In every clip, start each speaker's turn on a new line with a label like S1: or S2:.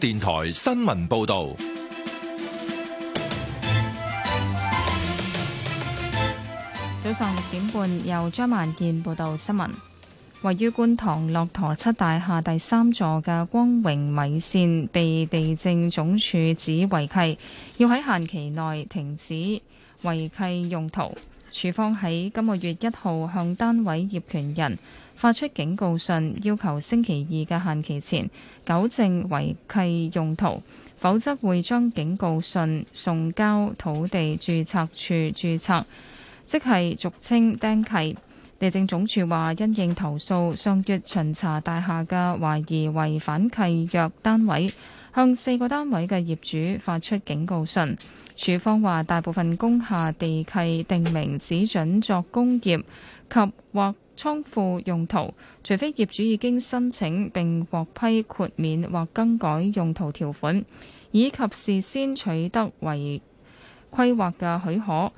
S1: 電台新聞報道，
S2: 早上六點半，由張萬健報道新聞。位於觀塘駱駝七大廈第三座嘅光榮米線被地政總署指違契，要喺限期內停止違契用途。署方喺今個月一號向單位業權人發出警告信，要求星期二嘅限期前糾正違契用途，否則會將警告信送交土地註冊處註冊，即係俗稱釘契。地政總署話，因應投訴，上月巡查大廈嘅懷疑違反契約單位，向四個單位嘅業主發出警告信。署方話，大部分工廈地契定名只准作工業及或。倉庫用途，除非業主已經申請並獲批豁免或更改用途條款，以及事先取得為規劃嘅許可，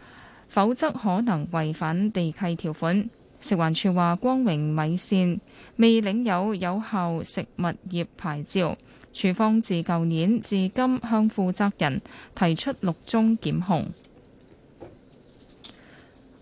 S2: 否則可能違反地契條款。食環署話：光榮米線未領有有效食物業牌照，署方自舊年至今向負責人提出六宗檢控。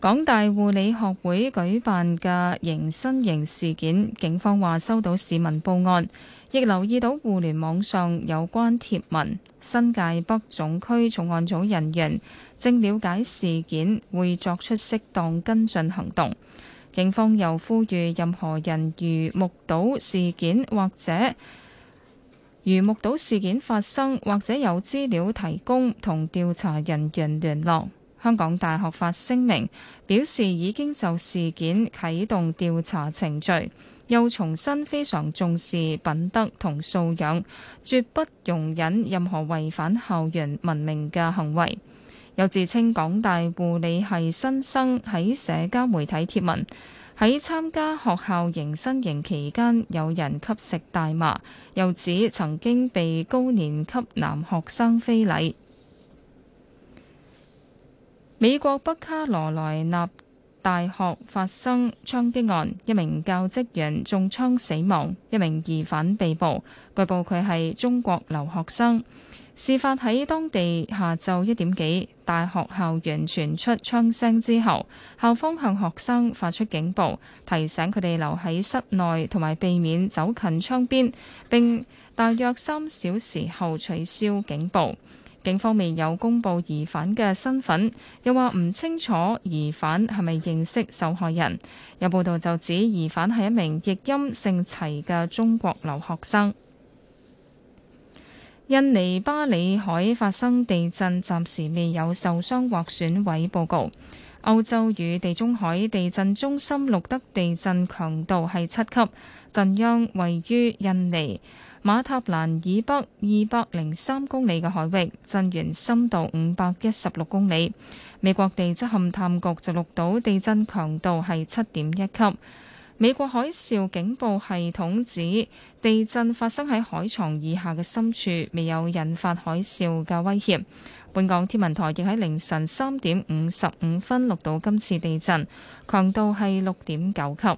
S2: 港大護理學會舉辦嘅迎新營事件，警方話收到市民報案，亦留意到互聯網上有關貼文，新界北總區重案組人員，正了解事件，會作出適當跟進行動。警方又呼籲任何人如目睹事件或者香港大學發聲明表示，已經就事件啟動調查程序，又重申非常重視品德同素養，絕不容忍任何違反校園文明嘅行為。又自稱港大護理系新生喺社交媒體貼文，喺參加學校迎新營期間有人吸食大麻，又指曾經被高年級男學生非禮。美國北卡羅來納大學發生槍擊案，一名教職員中槍死亡，一名疑犯被捕。據報佢係中國留學生。事發喺當地下晝一點幾，大學校園傳出槍聲之後，校方向學生發出警報，提醒佢哋留喺室內同埋避免走近窗邊，並大約三小時後取消警報。警方未有公布疑犯嘅身份，又話唔清楚疑犯係咪認識受害人。有報道就指疑犯係一名譯音姓齊嘅中國留學生。印尼巴里海發生地震，暫時未有受傷或損毀報告。歐洲與地中海地震中心錄得地震強度係七級，震央位於印尼馬塔蘭以北二百零三公里嘅海域，震源深度五百一十六公里。美國地質勘探局就錄到地震強度係七點一級。美國海嘯警報系統指地震發生喺海床以下嘅深處，未有引發海嘯嘅威脅。本港天文台亦喺凌晨三點五十五分錄到今次地震，強度係六點九級。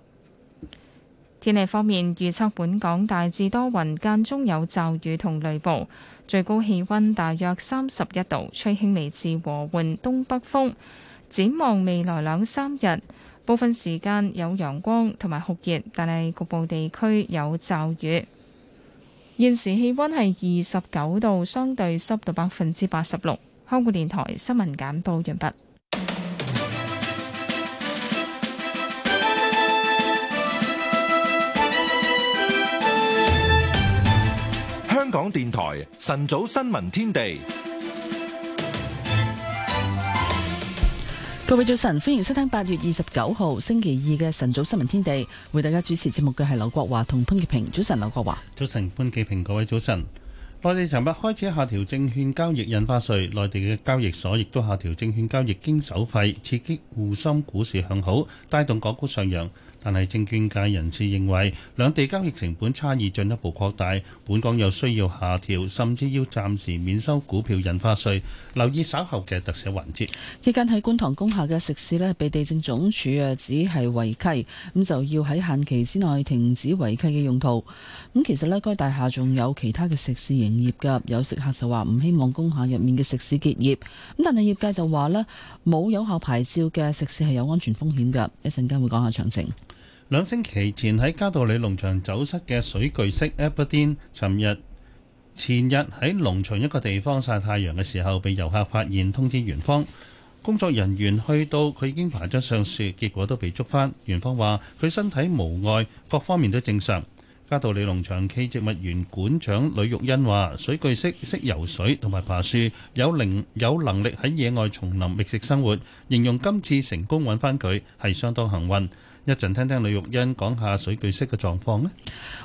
S2: 天氣方面，預測本港大致多雲，間中有驟雨同雷暴，最高氣溫大約三十一度，吹輕微至和緩東北風。展望未來兩三日，部分時間有陽光同埋酷熱，但係局部地區有驟雨。現時氣溫係二十九度，相對濕度百分之八十六。香港電台新聞簡報完畢。
S1: 香港電台晨早新聞天地，
S3: 各位早晨，歡迎收聽八月二十九號星期二嘅晨早新聞天地。為大家主持節目嘅係劉國華同潘潔平。早晨，劉國華。
S4: 早晨，潘潔平。各位早晨。內地尋日開始下調證券交易印花稅，內地嘅交易所亦都下調證券交易經手費，刺激滬深股市向好，帶動港股上揚。但係，證券界人士認為兩地交易成本差異進一步擴大，本港有需要下調，甚至要暫時免收股票印花稅。留意稍後嘅特寫環節。
S3: 期間喺觀塘工廈嘅食肆咧，被地政總署啊指係違規，咁就要喺限期之內停止違規嘅用途。咁其實呢，該大廈仲有其他嘅食肆營業㗎，有食客就話唔希望工廈入面嘅食肆結業。咁但係業界就話呢冇有效牌照嘅食肆係有安全風險㗎。一陣間會講下詳情。
S4: 兩星期前喺嘉道理農場走失嘅水巨蜥 e p p l e d i n 尋日前日喺農場一個地方曬太陽嘅時候，被遊客發現通知園方。工作人員去到，佢已經爬咗上樹，結果都被捉翻。園方話佢身體無礙，各方面都正常。嘉道理農場暨植物園館長呂玉欣話：水巨蜥識游水同埋爬樹，有靈有能力喺野外叢林覓食生活，形容今次成功揾翻佢係相當幸運。一陣聽聽李玉欣講下水巨式嘅狀況呢。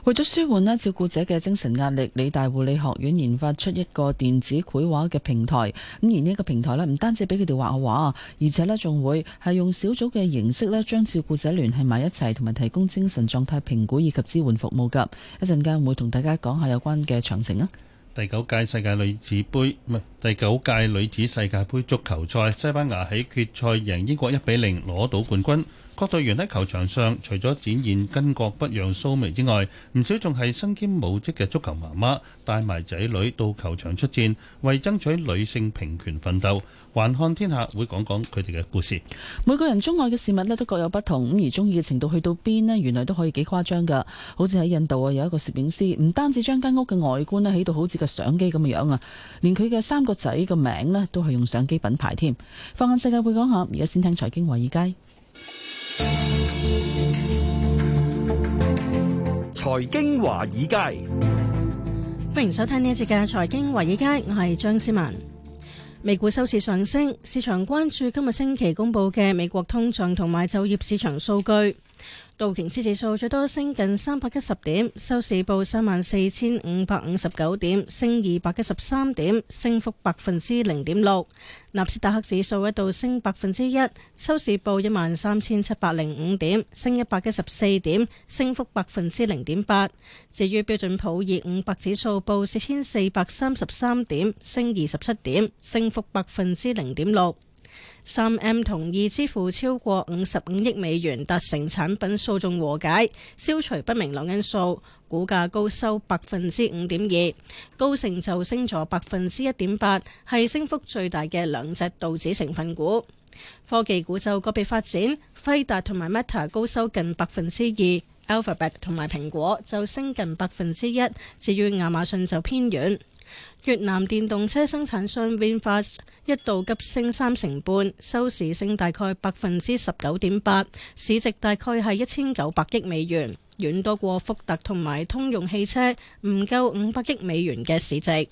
S3: 為咗舒緩呢照顧者嘅精神壓力，理大護理學院研發出一個電子繪畫嘅平台。咁而呢個平台呢，唔單止俾佢哋畫下畫，而且呢仲會係用小組嘅形式呢，將照顧者聯繫埋一齊，同埋提供精神狀態評估以及支援服務嘅。一陣間我會同大家講下有關嘅詳情啊。
S4: 第九屆世界女子杯，唔係，第九屆女子世界杯足球賽，西班牙喺決賽贏英國一比零，攞到冠軍。各隊員喺球場上，除咗展現巾幗不讓鬚眉之外，唔少仲係身兼母職嘅足球媽媽，帶埋仔女到球場出戰，為爭取女性平權奮鬥。環看天下會講講佢哋嘅故事。
S3: 每個人鍾愛嘅事物咧都各有不同，咁而鍾意嘅程度去到邊咧，原來都可以幾誇張噶。好似喺印度啊，有一個攝影師，唔單止將間屋嘅外觀咧起到好似個相機咁嘅樣啊，連佢嘅三個仔嘅名咧都係用相機品牌添。放眼世界會講下，而家先聽財經華爾
S5: 街。
S1: 財經華爾街，
S5: 歡迎收聽呢一節嘅財經華爾街，我係張思文。美股收市上升，市場關注今日星期公佈嘅美國通脹同埋就業市場數據。道瓊斯指數最多升近三百一十點，收市報三萬四千五百五十九點，升二百一十三點，升幅百分之零點六。納斯達克指數一度升百分之一，收市報一萬三千七百零五點，升一百一十四點，升幅百分之零點八。至於標準普爾五百指數報四千四百三十三點，升二十七點，升幅百分之零點六。三 M 同意支付超過五十五億美元，達成產品訴訟和解，消除不明朗因素，股價高收百分之五點二，高盛就升咗百分之一點八，係升幅最大嘅兩隻道指成分股。科技股就個別發展，輝達同埋 Meta 高收近百分之二，Alphabet 同埋蘋果就升近百分之一，至於亞馬遜就偏軟。越南電動車生產商 VinFast 一度急升三成半，收市升大概百分之十九點八，市值大概係一千九百億美元，遠多過福特同埋通用汽車唔夠五百億美元嘅市值。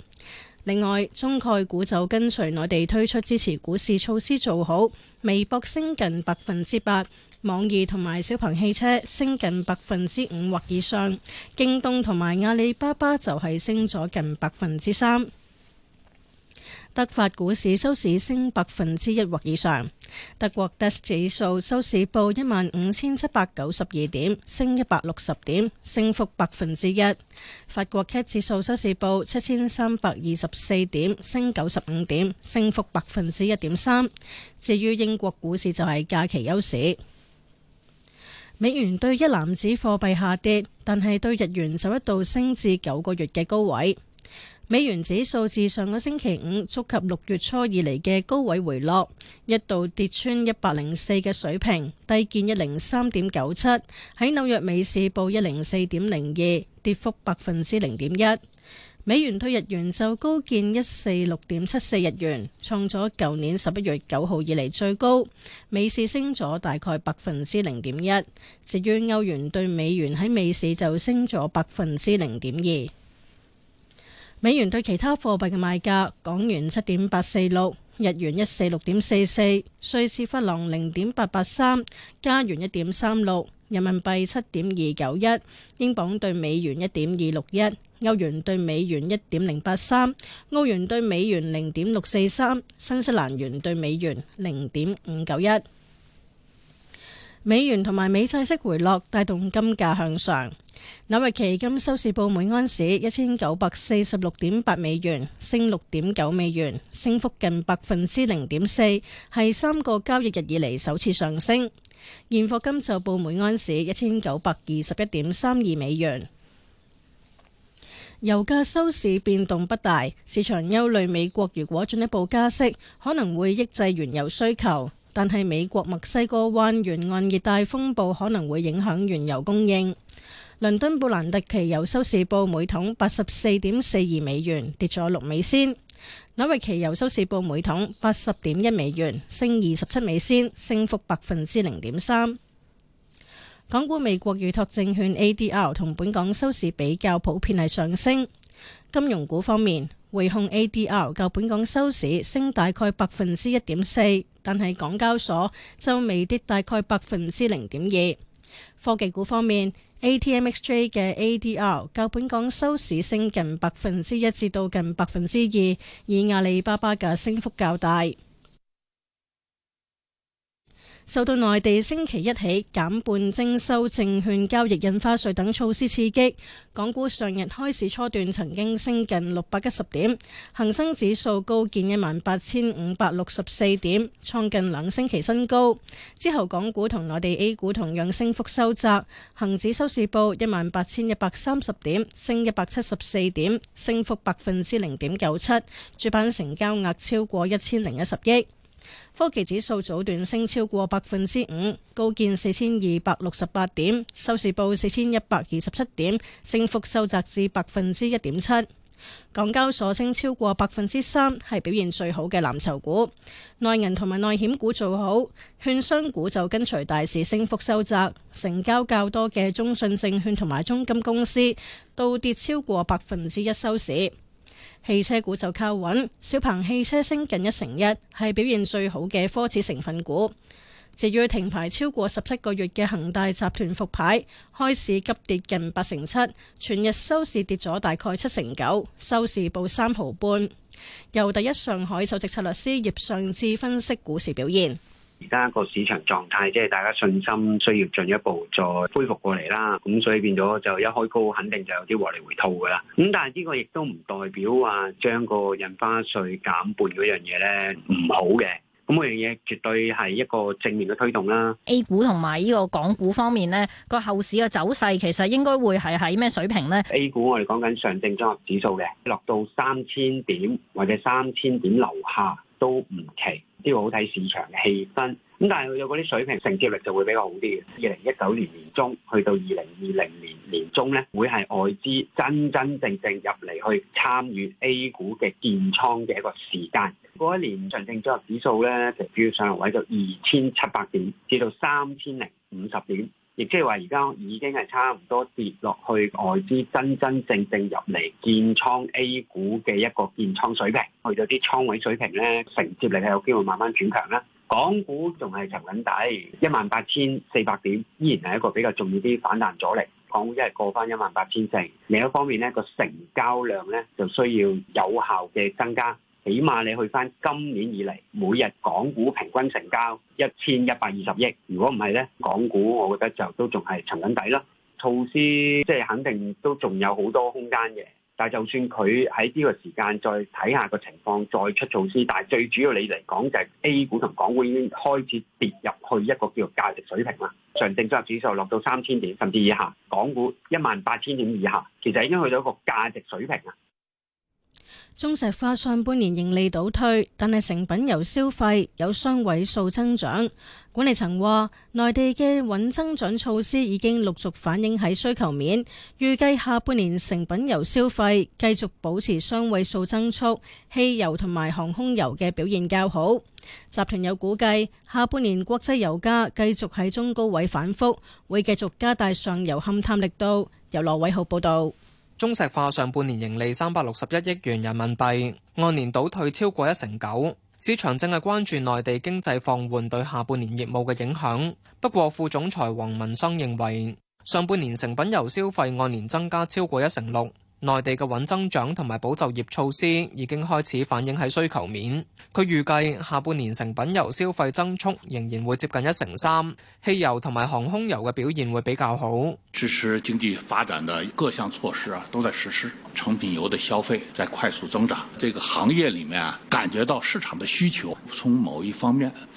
S5: 另外，中概股就跟隨內地推出支持股市措施做好，微博升近百分之八。網易同埋小鵬汽車升近百分之五或以上，京東同埋阿里巴巴就係升咗近百分之三。德法股市收市升百分之一或以上，德國 DAX 指數收市報一萬五千七百九十二點，升一百六十點，升幅百分之一。法國 CAC 指數收市報七千三百二十四點，升九十五點，升幅百分之一點三。至於英國股市就係假期休市。美元對一籃子貨幣下跌，但係對日元就一度升至九個月嘅高位。美元指數自上個星期五觸及六月初以嚟嘅高位回落，一度跌穿一百零四嘅水平，低見一零三點九七，喺紐約美市報一零四點零二，跌幅百分之零點一。美元兌日元就高見一四六點七四日元，創咗舊年十一月九號以嚟最高。美市升咗大概百分之零點一，至於歐元兌美元喺美市就升咗百分之零點二。美元兌其他貨幣嘅賣價：港元七點八四六，日元一四六點四四，瑞士法郎零點八八三，加元一點三六。人民幣七點二九一，英鎊兌美元一點二六一，歐元兌美元一點零八三，澳元兌美元零點六四三，新西蘭元兌美元零點五九一。美元同埋美債息回落，帶動金價向上。紐約期金收市報每安士一千九百四十六點八美元，升六點九美元，升幅近百分之零點四，係三個交易日以嚟首次上升。現貨金就報每安士一千九百二十一點三二美元，油價收市變動不大。市場憂慮美國如果進一步加息，可能會抑制原油需求。但係美國墨西哥灣沿岸熱帶風暴可能會影響原油供應。倫敦布蘭特期油收市報每桶八十四點四二美元，跌咗六美仙。紐約期油收市報每桶八十點一美元，升二十七美仙，升幅百分之零點三。港股美國預託證券 A D R 同本港收市比較普遍係上升。金融股方面，匯控 A D R 較本港收市升大概百分之一點四，但係港交所就微跌大概百分之零點二。科技股方面。ATMXJ 嘅 ADR 較本港收市升近百分之一至到近百分之二，以阿里巴巴嘅升幅較大。受到內地星期一起減半徵收證券交易印花稅等措施刺激，港股上日開市初段曾經升近六百一十點，恒生指數高見一萬八千五百六十四點，創近兩星期新高。之後，港股同內地 A 股同樣升幅收窄，恒指收市報一萬八千一百三十點，升一百七十四點，升幅百分之零點九七，主板成交額超過一千零一十億。科技指數早段升超過百分之五，高見四千二百六十八點，收市報四千一百二十七點，升幅收窄至百分之一點七。港交所升超過百分之三，係表現最好嘅藍籌股。內銀同埋內險股做好，券商股就跟隨大市升幅收窄，成交較多嘅中信證券同埋中金公司，倒跌超過百分之一收市。汽車股就靠穩，小鵬汽車升近一成一，係表現最好嘅科指成分股。至於停牌超過十七個月嘅恒大集團復牌，開市急跌近八成七，全日收市跌咗大概七成九，收市報三毫半。由第一上海首席策略師葉尚志分析股市表現。
S6: 而家個市場狀態，即係大家信心需要進一步再恢復過嚟啦。咁所以變咗就一開高，肯定就有啲獲利回吐㗎喇。咁但係呢個亦都唔代表話將個印花稅減半嗰樣嘢咧唔好嘅。咁嗰樣嘢絕對係一個正面嘅推動啦。
S5: A 股同埋呢個港股方面咧，個後市嘅走勢其實應該會係喺咩水平咧
S6: ？A 股我哋講緊上證綜合指數嘅，落到三千點或者三千點樓下都唔奇。呢個好睇市場嘅氣氛，咁但係佢有嗰啲水平承接率就會比較好啲。二零一九年年中去到二零二零年年中咧，會係外資真真正正入嚟去參與 A 股嘅建倉嘅一個時間。嗰一年上證綜合指數咧，就飆上嚟位到二千七百點，至到三千零五十點。亦即係話，而家已經係差唔多跌落去外資真真正正入嚟建倉 A 股嘅一個建倉水平，去到啲倉位水平咧，承接力係有機會慢慢轉強啦。港股仲係沉緊底，一萬八千四百點依然係一個比較重要啲反彈阻力。港股一係過翻一萬八千正，另一方面咧個成交量咧就需要有效嘅增加。起碼你去翻今年以嚟每日港股平均成交一千一百二十億，如果唔係呢，港股我覺得就都仲係沉緊底咯。措施即係肯定都仲有好多空間嘅，但係就算佢喺呢個時間再睇下個情況再出措施，但係最主要你嚟講就係 A 股同港股已經開始跌入去一個叫做價值水平啦。上證綜合指數落到三千點甚至以下，港股一萬八千點以下，其實已經去到一個價值水平啦。
S5: 中石化上半年盈利倒退，但係成品油消費有雙位數增長。管理層話，內地嘅穩增長措施已經陸續反映喺需求面，預計下半年成品油消費繼續保持雙位數增速。汽油同埋航空油嘅表現較好。集團有估計，下半年國際油價繼續喺中高位反復，會繼續加大上游勘探力度。由羅偉浩報道。
S7: 中石化上半年盈利三百六十一億元人民幣，按年倒退超過一成九。市場正係關注內地經濟放緩對下半年業務嘅影響。不過，副總裁黃文生認為，上半年成品油消費按年增加超過一成六。內地嘅穩增長同埋保就業措施已經開始反映喺需求面。佢預計下半年成品油消費增速仍然會接近一成三，汽油同埋航空油嘅表現會比較好。
S4: 支持經濟發展的各項措施啊，都在實施，成品油的消費在快速增長，這個行業裡面啊，感覺到市場的需求從某一方面。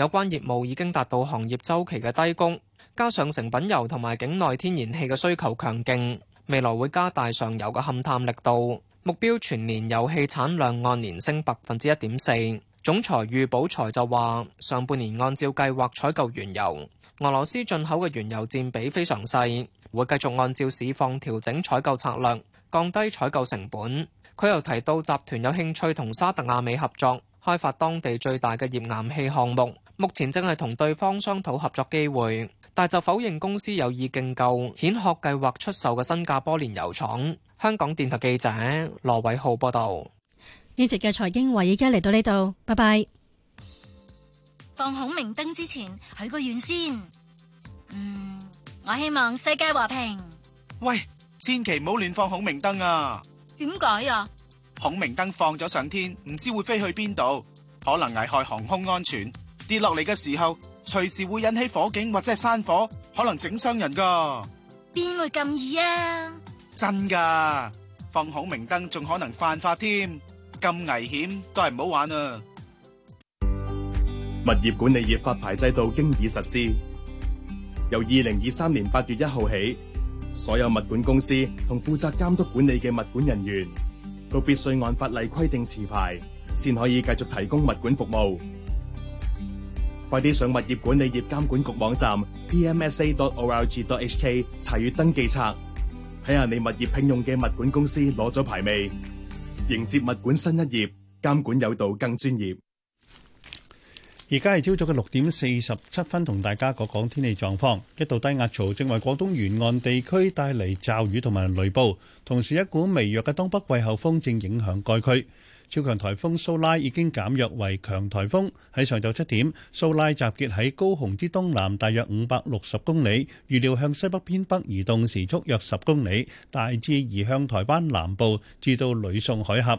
S7: 有關業務已經達到行業周期嘅低谷，加上成品油同埋境內天然氣嘅需求強勁，未來會加大上游嘅勘探力度。目標全年油氣產量按年升百分之一點四。總裁喻寶才就話：上半年按照計劃採購原油，俄羅斯進口嘅原油占比非常細，會繼續按照市況調整採購策略，降低採購成本。佢又提到集團有興趣同沙特阿美合作，開發當地最大嘅頁岩氣項目。目前正係同對方商討合作機會，但就否認公司有意競購蜆殼計劃出售嘅新加坡煉油廠。香港電台記者羅偉浩報道。
S5: 呢集嘅財經話已經嚟到呢度，拜拜。
S8: 放孔明燈之前，許個願先，嗯，我希望世界和平。喂，
S5: 千祈
S9: 唔好
S8: 亂
S10: 放孔明燈啊！
S8: 點解啊？
S10: 孔明燈放咗上天，唔知會飛去邊度，可能危害航空安全。跌落嚟嘅時候，隨時會引起火警或者係山火，可能整傷人噶。
S11: 邊會咁易啊？真
S10: 噶，放孔明燈仲可能犯法添，咁危險都係唔好玩啊！物業管理業發牌制度經已實施，由二零二三年八月一號起，所有物管公司同負責監督管理嘅物管人員，都必須按法例規定持牌，先可以繼續提供物管服務。快啲上物業管理業監管局網站 pmsa.org.hk 查閱登記冊，睇下你物業聘用嘅物管公司攞咗牌未？迎接物管新一頁，監管有道更
S4: 專業。而家係朝早嘅六點四十七分，同大家講講天氣狀況。一道低壓槽正為廣東沿岸地區帶嚟驟雨同埋雷暴，同時一股微弱嘅東北季候風正影響該區。超強颱風蘇拉已經減弱為強颱風，喺上晝七點，蘇拉集結喺高雄之東南大約五百六十公里，預料向西北偏北移動，時速約十公里，大致移向台灣南部至到呂宋海峽。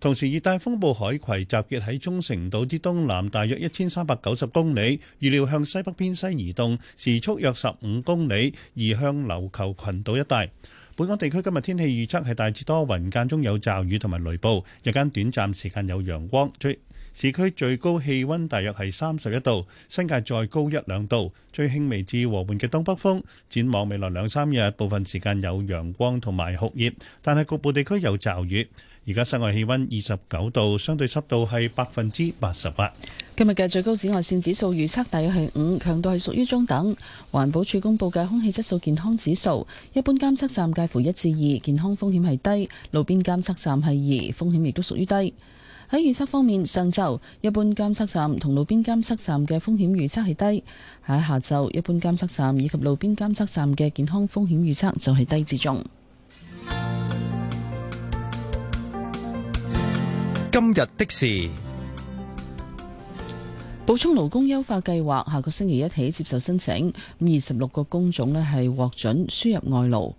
S4: 同時，熱帶風暴海葵集結喺中城島之東南大約一千三百九十公里，預料向西北偏西移動，時速約十五公里，移向琉球群島一帶。本港地區今日天，天氣預測係大致多雲，間中有驟雨同埋雷暴，日間短暫時間有陽光。最市區最高氣温大約係三十一度，新界再高一兩度。最輕微至和緩嘅東北風。展望未來兩三日，部分時間有陽光同埋酷熱，但係局部地區有驟雨。而家室外氣溫二十九度，相對濕度係百分之八十八。
S3: 今日嘅最高紫外線指數預測大約係五，強度係屬於中等。環保署公布嘅空氣質素健康指數，一般監測站介乎一至二，健康風險係低；路邊監測站係二，風險亦都屬於低。喺預測方面，上晝一般監測站同路邊監測站嘅風險預測係低；喺下晝一,一般監測站以及路邊監測站嘅健康風險預測就係低至中。
S12: 今日的事，
S3: 補充勞工優化計劃下個星期一起接受申請。二十六個工種呢係獲准輸入外勞。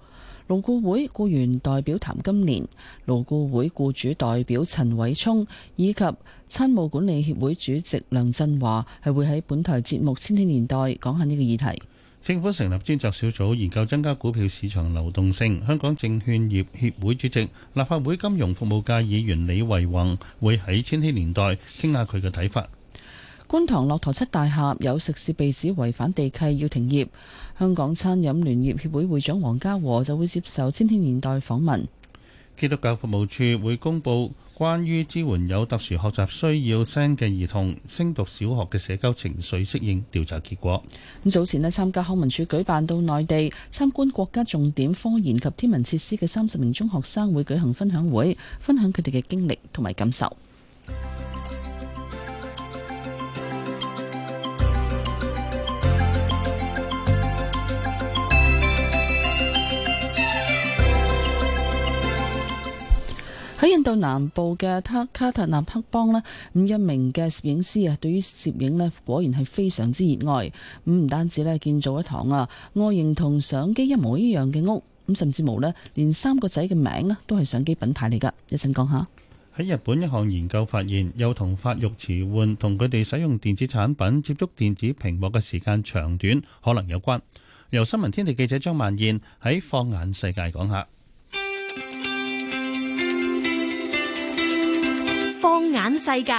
S3: 勞雇會雇員代表譚金蓮、勞雇會雇主代表陳偉聰以及餐務管理協會主席梁振華係會喺本台節目《千禧年代》講下呢個議題。
S4: 政府成立專責小組研究增加股票市場流動性。香港證券業協會主席、立法會金融服務界議員李惠宏會喺千禧年代傾下佢嘅睇法。
S3: 觀塘駱駝漆大廈有食肆被指違反地契要停業，香港餐飲聯業協會會長黃家和就會接受千禧年代訪問。
S4: 基督教服務處會公布關於支援有特殊學習需要生嘅兒童升讀小學嘅社交情緒適應調查結果。
S3: 咁早前咧，參加康文署舉辦到內地參觀國家重點科研及天文設施嘅三十名中學生會舉行分享會，分享佢哋嘅經歷同埋感受。喺印度南部嘅卡塔南克邦咧，咁一名嘅攝影師啊，對於攝影咧果然係非常之熱愛。咁唔單止咧建造一堂啊外形同相機一模一樣嘅屋，咁甚至無咧連三個仔嘅名啊都係相機品牌嚟㗎。一陣講下。
S4: 喺日本一項研究發現，又同發育遲緩同佢哋使用電子產品、接觸電子屏幕嘅時間長短可能有關。由新聞天地記者張萬燕喺放眼世界講下。
S8: 世界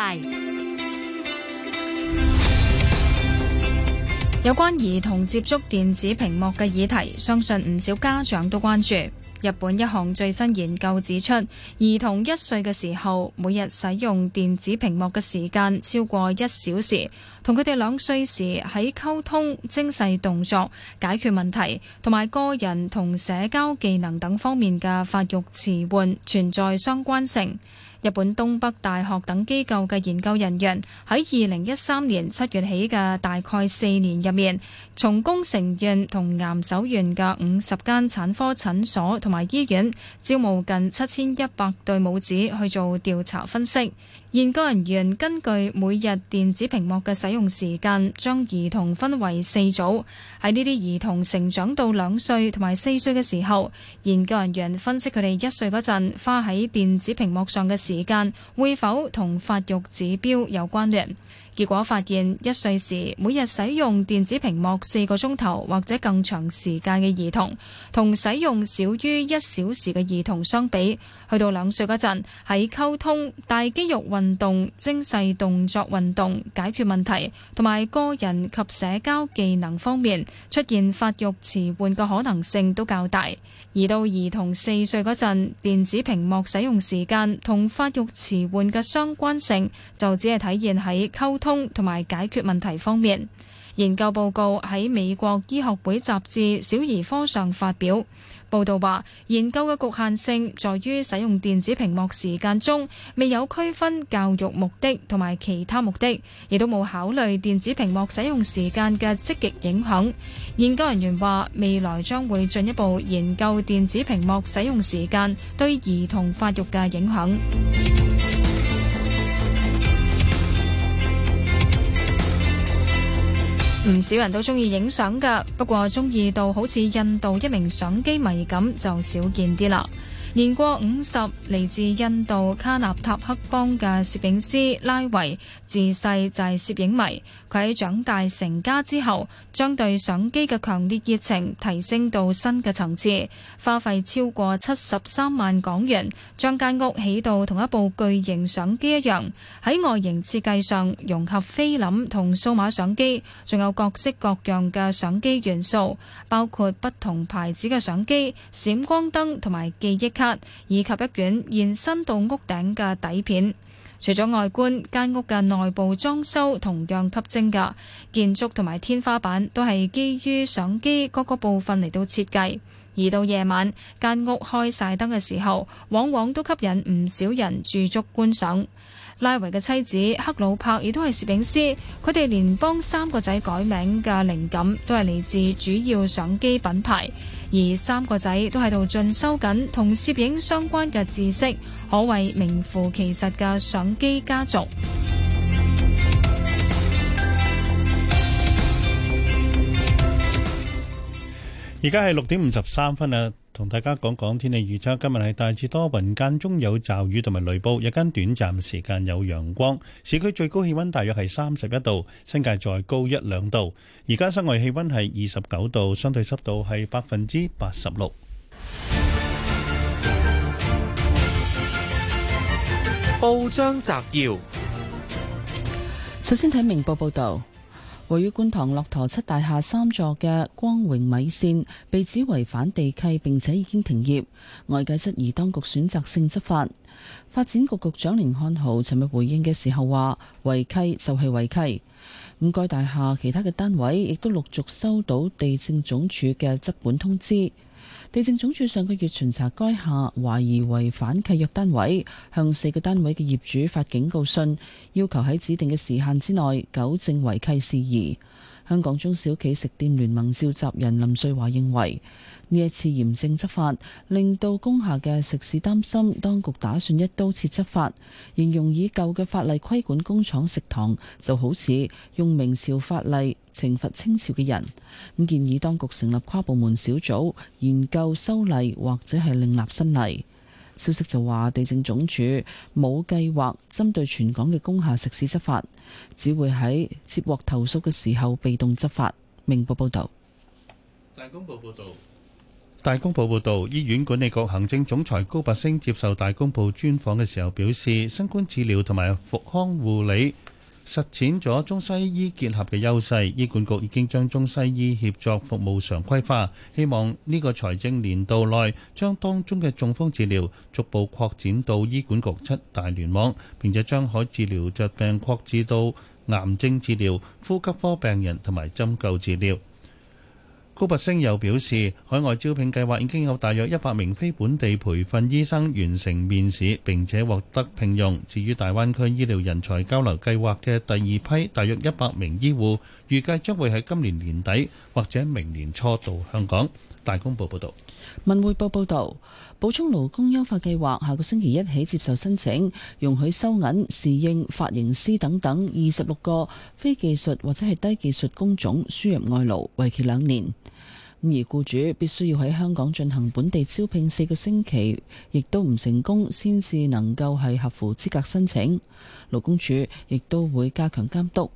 S8: 有關兒童
S2: 接觸電子屏幕嘅議題，相信唔少家長都關注。日本一項最新研究指出，兒童一歲嘅時候，每日使用電子屏幕嘅時間超過一小時，同佢哋兩歲時喺溝通、精細動作、解決問題同埋個人同社交技能等方面嘅發育遲緩存在相關性。日本東北大學等機構嘅研究人員喺二零一三年七月起嘅大概四年入面，從宮城縣同岩手縣嘅五十間產科診所同埋醫院招募近七千一百對母子去做調查分析。研究人員根據每日電子屏幕嘅使用時間，將兒童分為四組。喺呢啲兒童成長到兩歲同埋四歲嘅時候，研究人員分析佢哋一歲嗰陣花喺電子屏幕上嘅時間，會否同發育指標有關聯。結果發現，一歲時每日使用電子屏幕四個鐘頭或者更長時間嘅兒童，同使用少於一小時嘅兒童相比，去到兩歲嗰陣，喺溝通、大肌肉運動、精細動作運動、解決問題同埋個人及社交技能方面出現發育遲緩嘅可能性都較大。而到兒童四歲嗰陣，電子屏幕使用時間同發育遲緩嘅相關性就只係體現喺溝通、同埋解決問題方面，研究報告喺美國醫學會雜誌《小兒科》上發表。報道話，研究嘅局限性在於使用電子屏幕時間中未有區分教育目的同埋其他目的，亦都冇考慮電子屏幕使用時間嘅積極影響。研究人員話，未來將會進一步研究電子屏幕使用時間對兒童發育嘅影響。唔少人都中意影相㗎，不過中意到好似印度一名相機迷咁就少見啲啦。年過五十嚟自印度卡納塔克邦嘅攝影師拉維自細就係攝影迷，佢喺長大成家之後，將對相機嘅強烈熱情提升到新嘅層次，花費超過七十三萬港元，將間屋起到同一部巨型相機一樣，喺外形設計上融合菲林同數碼相機，仲有各式各樣嘅相機元素，包括不同牌子嘅相機、閃光燈同埋記憶，以及一卷延伸到屋頂嘅底片。除咗外觀，間屋嘅內部裝修同樣吸睛噶，建築同埋天花板都係基於相機嗰個部分嚟到設計，而到夜晚，間屋開晒燈嘅時候，往往都吸引唔少人駐足觀賞。拉維嘅妻子克魯帕亦都係攝影師，佢哋連幫三個仔改名嘅靈感都係嚟自主要相機品牌。而三個仔都喺度進修緊同攝影相關嘅知識，可謂名副其實嘅相機家族。
S4: 而家係六點五十三分喇。同大家講講天氣預測，今日係大致多雲間中有驟雨同埋雷暴，日間短暫時間有陽光。市區最高氣溫大約係三十一度，新界再高一兩度。而家室外氣溫係二十九度，相對濕度係百分之八十六。報章摘要，
S3: 首先睇明報報道。位於觀塘駱駝漆大廈三座嘅光榮米線被指違反地契，並且已經停業，外界質疑當局選擇性執法。發展局局長寧漢豪尋日回應嘅時候話：違契就係違契。咁該大廈其他嘅單位亦都陸續收到地政總署嘅執管通知。地政總署上個月巡查該廈懷疑違反契約單位，向四個單位嘅業主發警告信，要求喺指定嘅時限之內糾正違契事宜。香港中小企食店聯盟召集人林瑞華認為。呢一次嚴正執法，令到工廈嘅食肆擔心，當局打算一刀切執法，形容以舊嘅法例規管工廠食堂就好似用明朝法例懲罰清朝嘅人。咁建議當局成立跨部門小組研究修例或者係另立新例。消息就話地政總署冇計劃針對全港嘅工廈食肆執法，只會喺接獲投訴嘅時候被動執法。明報報道。
S4: 大公報報道。大公報報導，醫院管理局行政總裁高拔陞接受大公報專訪嘅時候表示，新冠治療同埋復康護理實踐咗中西醫結合嘅優勢。醫管局已經將中西醫協作服務常規化，希望呢個財政年度內將當中嘅中風治療逐步擴展到醫管局七大聯網，並且將可治療疾病擴至到癌症治療、呼吸科病人同埋針灸治療。高拔升又表示，海外招聘計劃已經有大約一百名非本地培訓醫生完成面試並且獲得聘用。至於大灣區醫療人才交流計劃嘅第二批大約一百名醫護，預計將會喺今年年底或者明年初到香港。大公報報道，
S3: 文匯報報道，補充勞工優化計劃下個星期一起接受申請，容許收銀、侍應、髮型師等等二十六個非技術或者係低技術工種輸入外勞，為期兩年。而雇主必須要喺香港進行本地招聘四個星期，亦都唔成功，先至能夠係合乎資格申請勞工處，亦都會加強監督。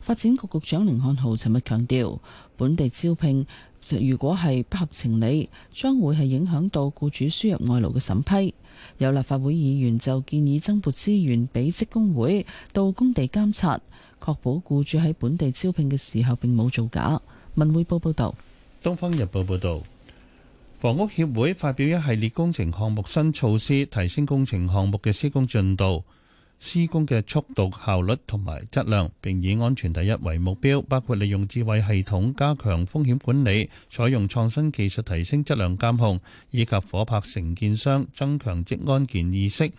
S3: 發展局局長甯漢豪尋日強調，本地招聘如果係不合情理，將會係影響到雇主輸入外勞嘅審批。有立法會議員就建議增撥資源俾職工會到工地監察，確保雇主喺本地招聘嘅時候並冇造假。文匯報報道。
S4: 《東方日報》報導，房屋協會發表一系列工程項目新措施，提升工程項目嘅施工進度、施工嘅速度、效率同埋質量，並以安全第一為目標，包括利用智慧系統加強風險管理，採用創新技術提升質量監控，以及夥拍承建商增強職安健意識。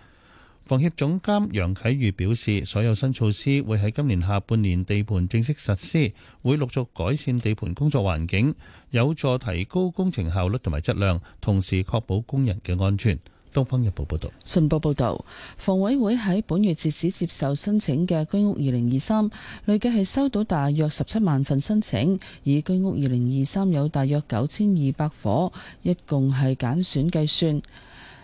S4: 房協總監楊啟如表示，所有新措施會喺今年下半年地盤正式實施，會陸續改善地盤工作環境，有助提高工程效率同埋質量，同時確保工人嘅安全。
S3: 《東方日報》報道，信報報道，房委會喺本月截止接受申請嘅居屋二零二三，累計係收到大約十七萬份申請，而居屋二零二三有大約九千二百伙，一共係揀選計算。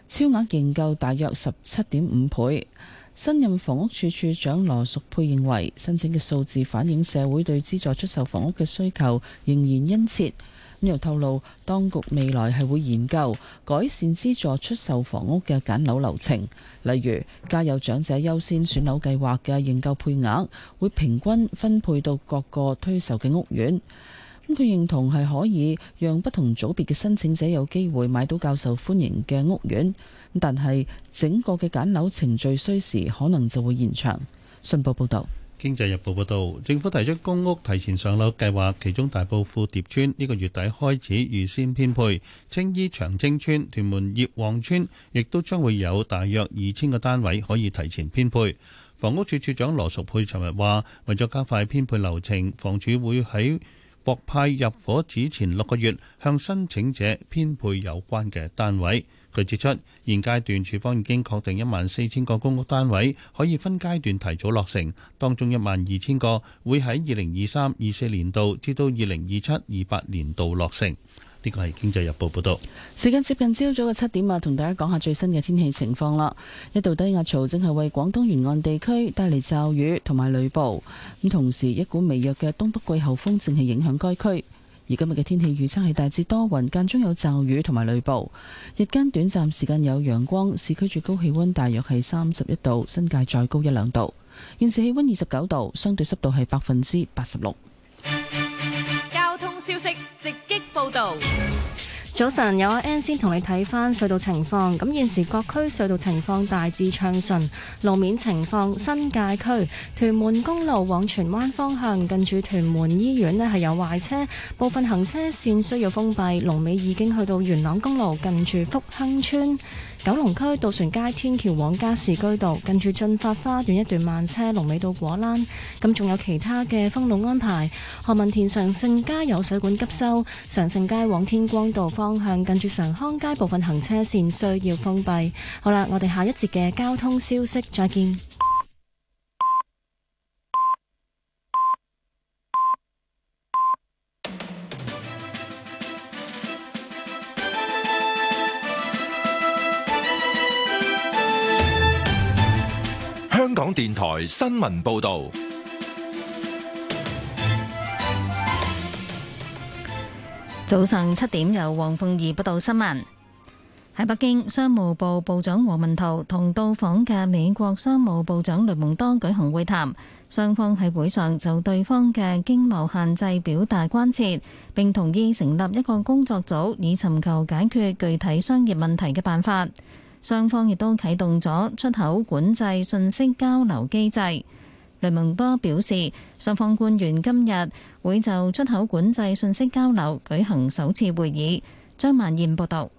S3: 超額認購大約十七點五倍。新任房屋署署長羅淑佩認為，申請嘅數字反映社會對資助出售房屋嘅需求仍然殷切。咁又透露，當局未來係會研究改善資助出售房屋嘅揀樓流程，例如家有長者優先選樓計劃嘅認購配額會平均分配到各個推售嘅屋苑。咁，佢認同係可以讓不同組別嘅申請者有機會買到較受歡迎嘅屋苑，但係整個嘅揀樓程序需時可能就會延長。信報報道，
S4: 經濟日報報道，政府提出公屋提前上樓計劃，其中大埔富蝶村呢個月底開始預先編配，青衣長青村、屯門葉旺村亦都將會有大約二千個單位可以提前編配。房屋處處長羅淑佩尋日話，為咗加快編配流程，房署會喺獲派入伙之前六個月，向申請者編配有關嘅單位。佢指出，現階段處方已經確定一萬四千個公屋單位可以分階段提早落成，當中一萬二千個會喺二零二三、二四年度至到二零二七、二八年度落成。呢個係《經濟日報》報道。
S3: 時間接近朝早嘅七點啊，同大家講下最新嘅天氣情況啦。一度低壓槽正係為廣東沿岸地區帶嚟驟雨同埋雷暴。咁同時，一股微弱嘅東北季候風正係影響該區。而今日嘅天氣預測係大致多雲，間中有驟雨同埋雷暴。日間短暫時間有陽光。市區最高氣溫大約係三十一度，新界再高一兩度。現時氣溫二十九度，相對濕度係百分之八十六。消息直擊報道。
S8: 早晨，有阿 N 先同你睇返隧道情況。咁現時各區隧道情況大致暢順，路面情況。新界區屯門公路往荃灣方向，近住屯門醫院呢係有壞車，部分行車線需要封閉。龍尾已經去到元朗公路，近住福亨村。九龍區渡船街天橋往加士居道，近住駿發花園一段慢車，龍尾到果欄，咁仲有其他嘅封路安排。何文田常勝街有水管急修，常勝街往天光道方向，近住常康街部分行車線需要封閉。好啦，我哋下一節嘅交通消息再見。
S1: 香港電台新聞報道，
S13: 早上七點由黃鳳儀報道新聞。喺北京，商務部部長王文濤同到訪嘅美國商務部長雷蒙多舉行會談，雙方喺會上就對方嘅經貿限制表達關切，並同意成立一個工作組，以尋求解決具體商業問題嘅辦法。雙方亦都啟動咗出口管制信息交流機制。雷蒙多表示，雙方官員今日會就出口管制信息交流舉行首次會議。張曼燕報導。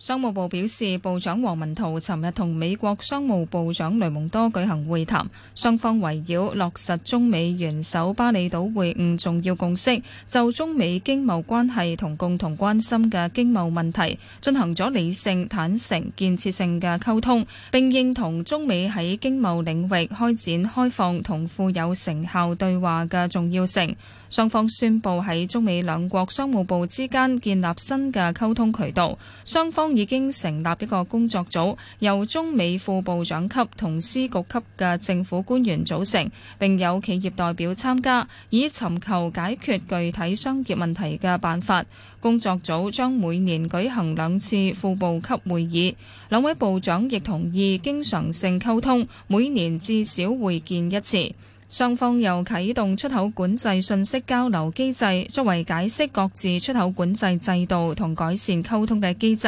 S2: 商務部表示，部長王文濤尋日同美國商務部長雷蒙多舉行會談，雙方圍繞落實中美元首巴厘島會晤重要共識，就中美經貿關係同共同關心嘅經貿問題進行咗理性、坦誠、建設性嘅溝通，並認同中美喺經貿領域開展開放同富有成效對話嘅重要性。雙方宣佈喺中美兩國商務部之間建立新嘅溝通渠道。雙方已經成立一個工作組，由中美副部長級同司局級嘅政府官員組成，並有企業代表參加，以尋求解決具體商業問題嘅辦法。工作組將每年舉行兩次副部級會議。兩位部長亦同意經常性溝通，每年至少會見一次。雙方又啟動出口管制信息交流機制，作為解釋各自出口管制制度同改善溝通嘅機制。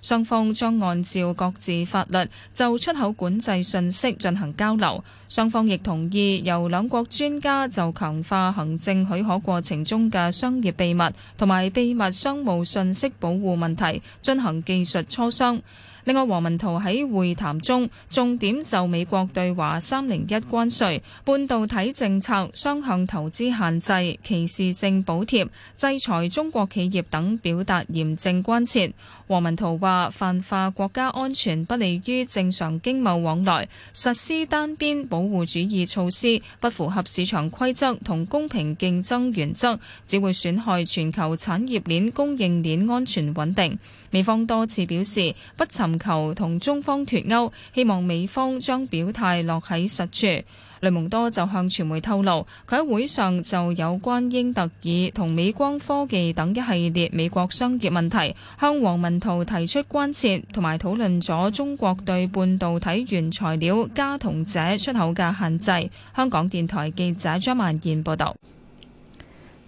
S2: 雙方將按照各自法律就出口管制信息進行交流。雙方亦同意由兩國專家就強化行政許可過程中嘅商業秘密同埋秘密商務信息保護問題進行技術磋商。另外，王文濤喺會談中重點就美國對華三零一關稅、半導體政策、雙向投資限制、歧視性補貼、制裁中國企業等表達嚴正關切。王文濤話：泛化國家安全不利於正常經貿往來，實施單邊保護主義措施不符合市場規則同公平競爭原則，只會損害全球產業鏈供應鏈安全穩定。美方多次表示不尋求同中方脫鈎，希望美方將表態落喺實處，雷蒙多就向傳媒透露，佢喺會上就有關英特爾同美光科技等一系列美國商業問題向黃文濤提出關切，同埋討論咗中國對半導體原材料鎵同鍺出口嘅限制。香港電台記者張曼燕報道。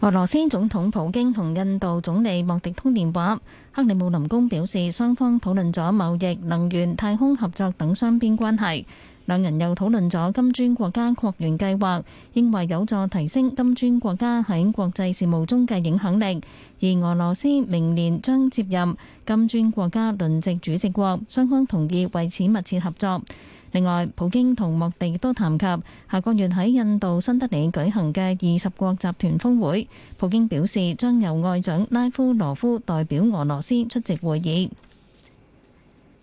S13: 俄羅斯總統普京同印度總理莫迪通電話，克里姆林宮表示，雙方討論咗貿易、能源、太空合作等雙邊關係。兩人又討論咗金磚國家擴員計劃，認為有助提升金磚國家喺國際事務中嘅影響力。而俄羅斯明年將接任金磚國家輪值主席國，雙方同意為此密切合作。另外，普京同莫迪都談及下個月喺印度新德里舉行嘅二十國集團峰會。普京表示，將由外長拉夫羅夫代表俄羅斯出席會議。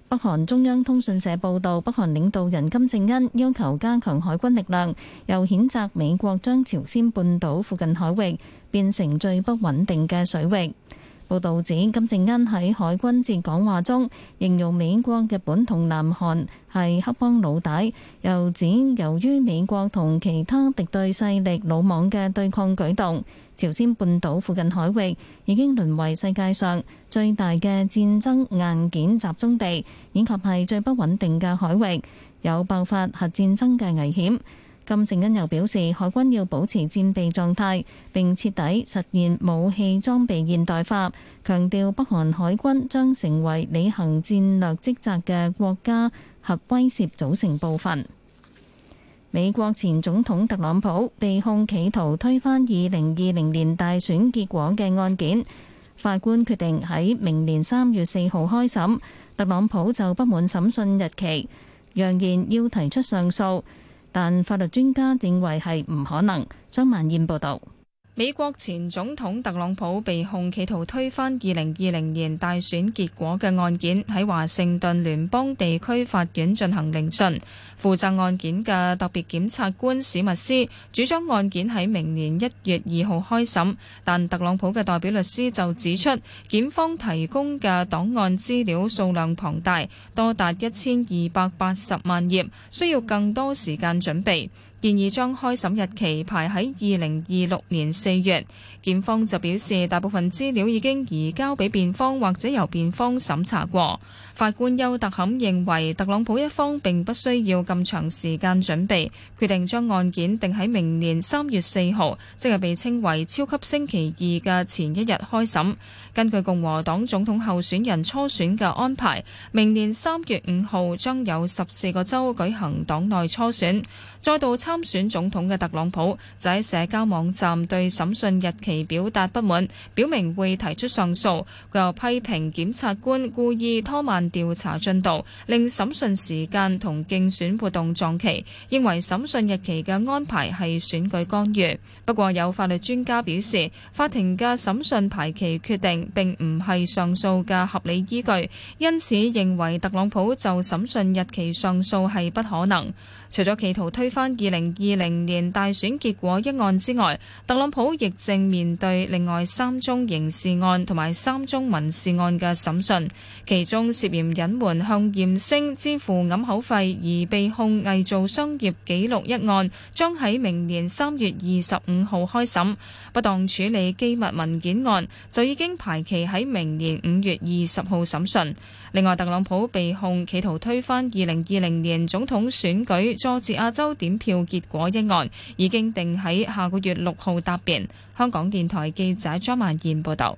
S13: 北韓中央通訊社報道，北韓領導人金正恩要求加強海軍力量，又譴責美國將朝鮮半島附近海域變成最不穩定嘅水域。報導指，金正恩喺海軍節講話中形容美國、日本同南韓係黑幫老大，又指由於美國同其他敵對勢力魯莽嘅對抗舉動，朝鮮半島附近海域已經淪為世界上最大嘅戰爭硬件集中地，以及係最不穩定嘅海域，有爆發核戰爭嘅危險。金正恩又表示，海軍要保持戰備狀態，並徹底實現武器裝備現代化。強調北韓海軍將成為履行戰略職責嘅國家核威懾組成部分。美國前總統特朗普被控企圖推翻二零二零年大選結果嘅案件，法官決定喺明年三月四號開審，特朗普就不滿審訊日期，揚言要提出上訴。但法律專家認為係唔可能。張萬燕報導。
S2: 美國前總統特朗普被控企圖推翻二零二零年大選結果嘅案件，喺華盛頓聯邦地區法院進行聆訊。負責案件嘅特別檢察官史密斯主張案件喺明年一月二號開審，但特朗普嘅代表律師就指出，檢方提供嘅檔案資料數量龐大，多達一千二百八十萬頁，需要更多時間準備。建議將開審日期排喺二零二六年四月。檢方就表示，大部分資料已經移交俾辯方，或者由辯方審查過。法官丘特坎認為，特朗普一方並不需要咁長時間準備，決定將案件定喺明年三月四號，即係被稱為「超級星期二」嘅前一日開審。根據共和黨總統候選人初選嘅安排，明年三月五號將有十四個州舉行黨內初選。再度參選總統嘅特朗普就喺社交網站對審訊日期。未表達不滿，表明會提出上訴。佢又批評檢察官故意拖慢調查進度，令審訊時間同競選活動撞期，認為審訊日期嘅安排係選舉干預。不過有法律專家表示，法庭嘅審訊排期決定並唔係上訴嘅合理依據，因此認為特朗普就審訊日期上訴係不可能。除咗企圖推翻2020年大選結果一案之外，特朗普亦正面對另外三宗刑事案同埋三宗民事案嘅審訊。其中涉嫌隱瞞向艷星支付揞口費而被控偽造商業記錄一案，將喺明年三月二十五號開審。不當處理機密文件案就已經排期喺明年五月二十號審訊。另外，特朗普被控企圖推翻2020年總統選舉。佐治亞州點票結果一案已經定喺下個月六號答辯。香港電台記者張曼燕報道。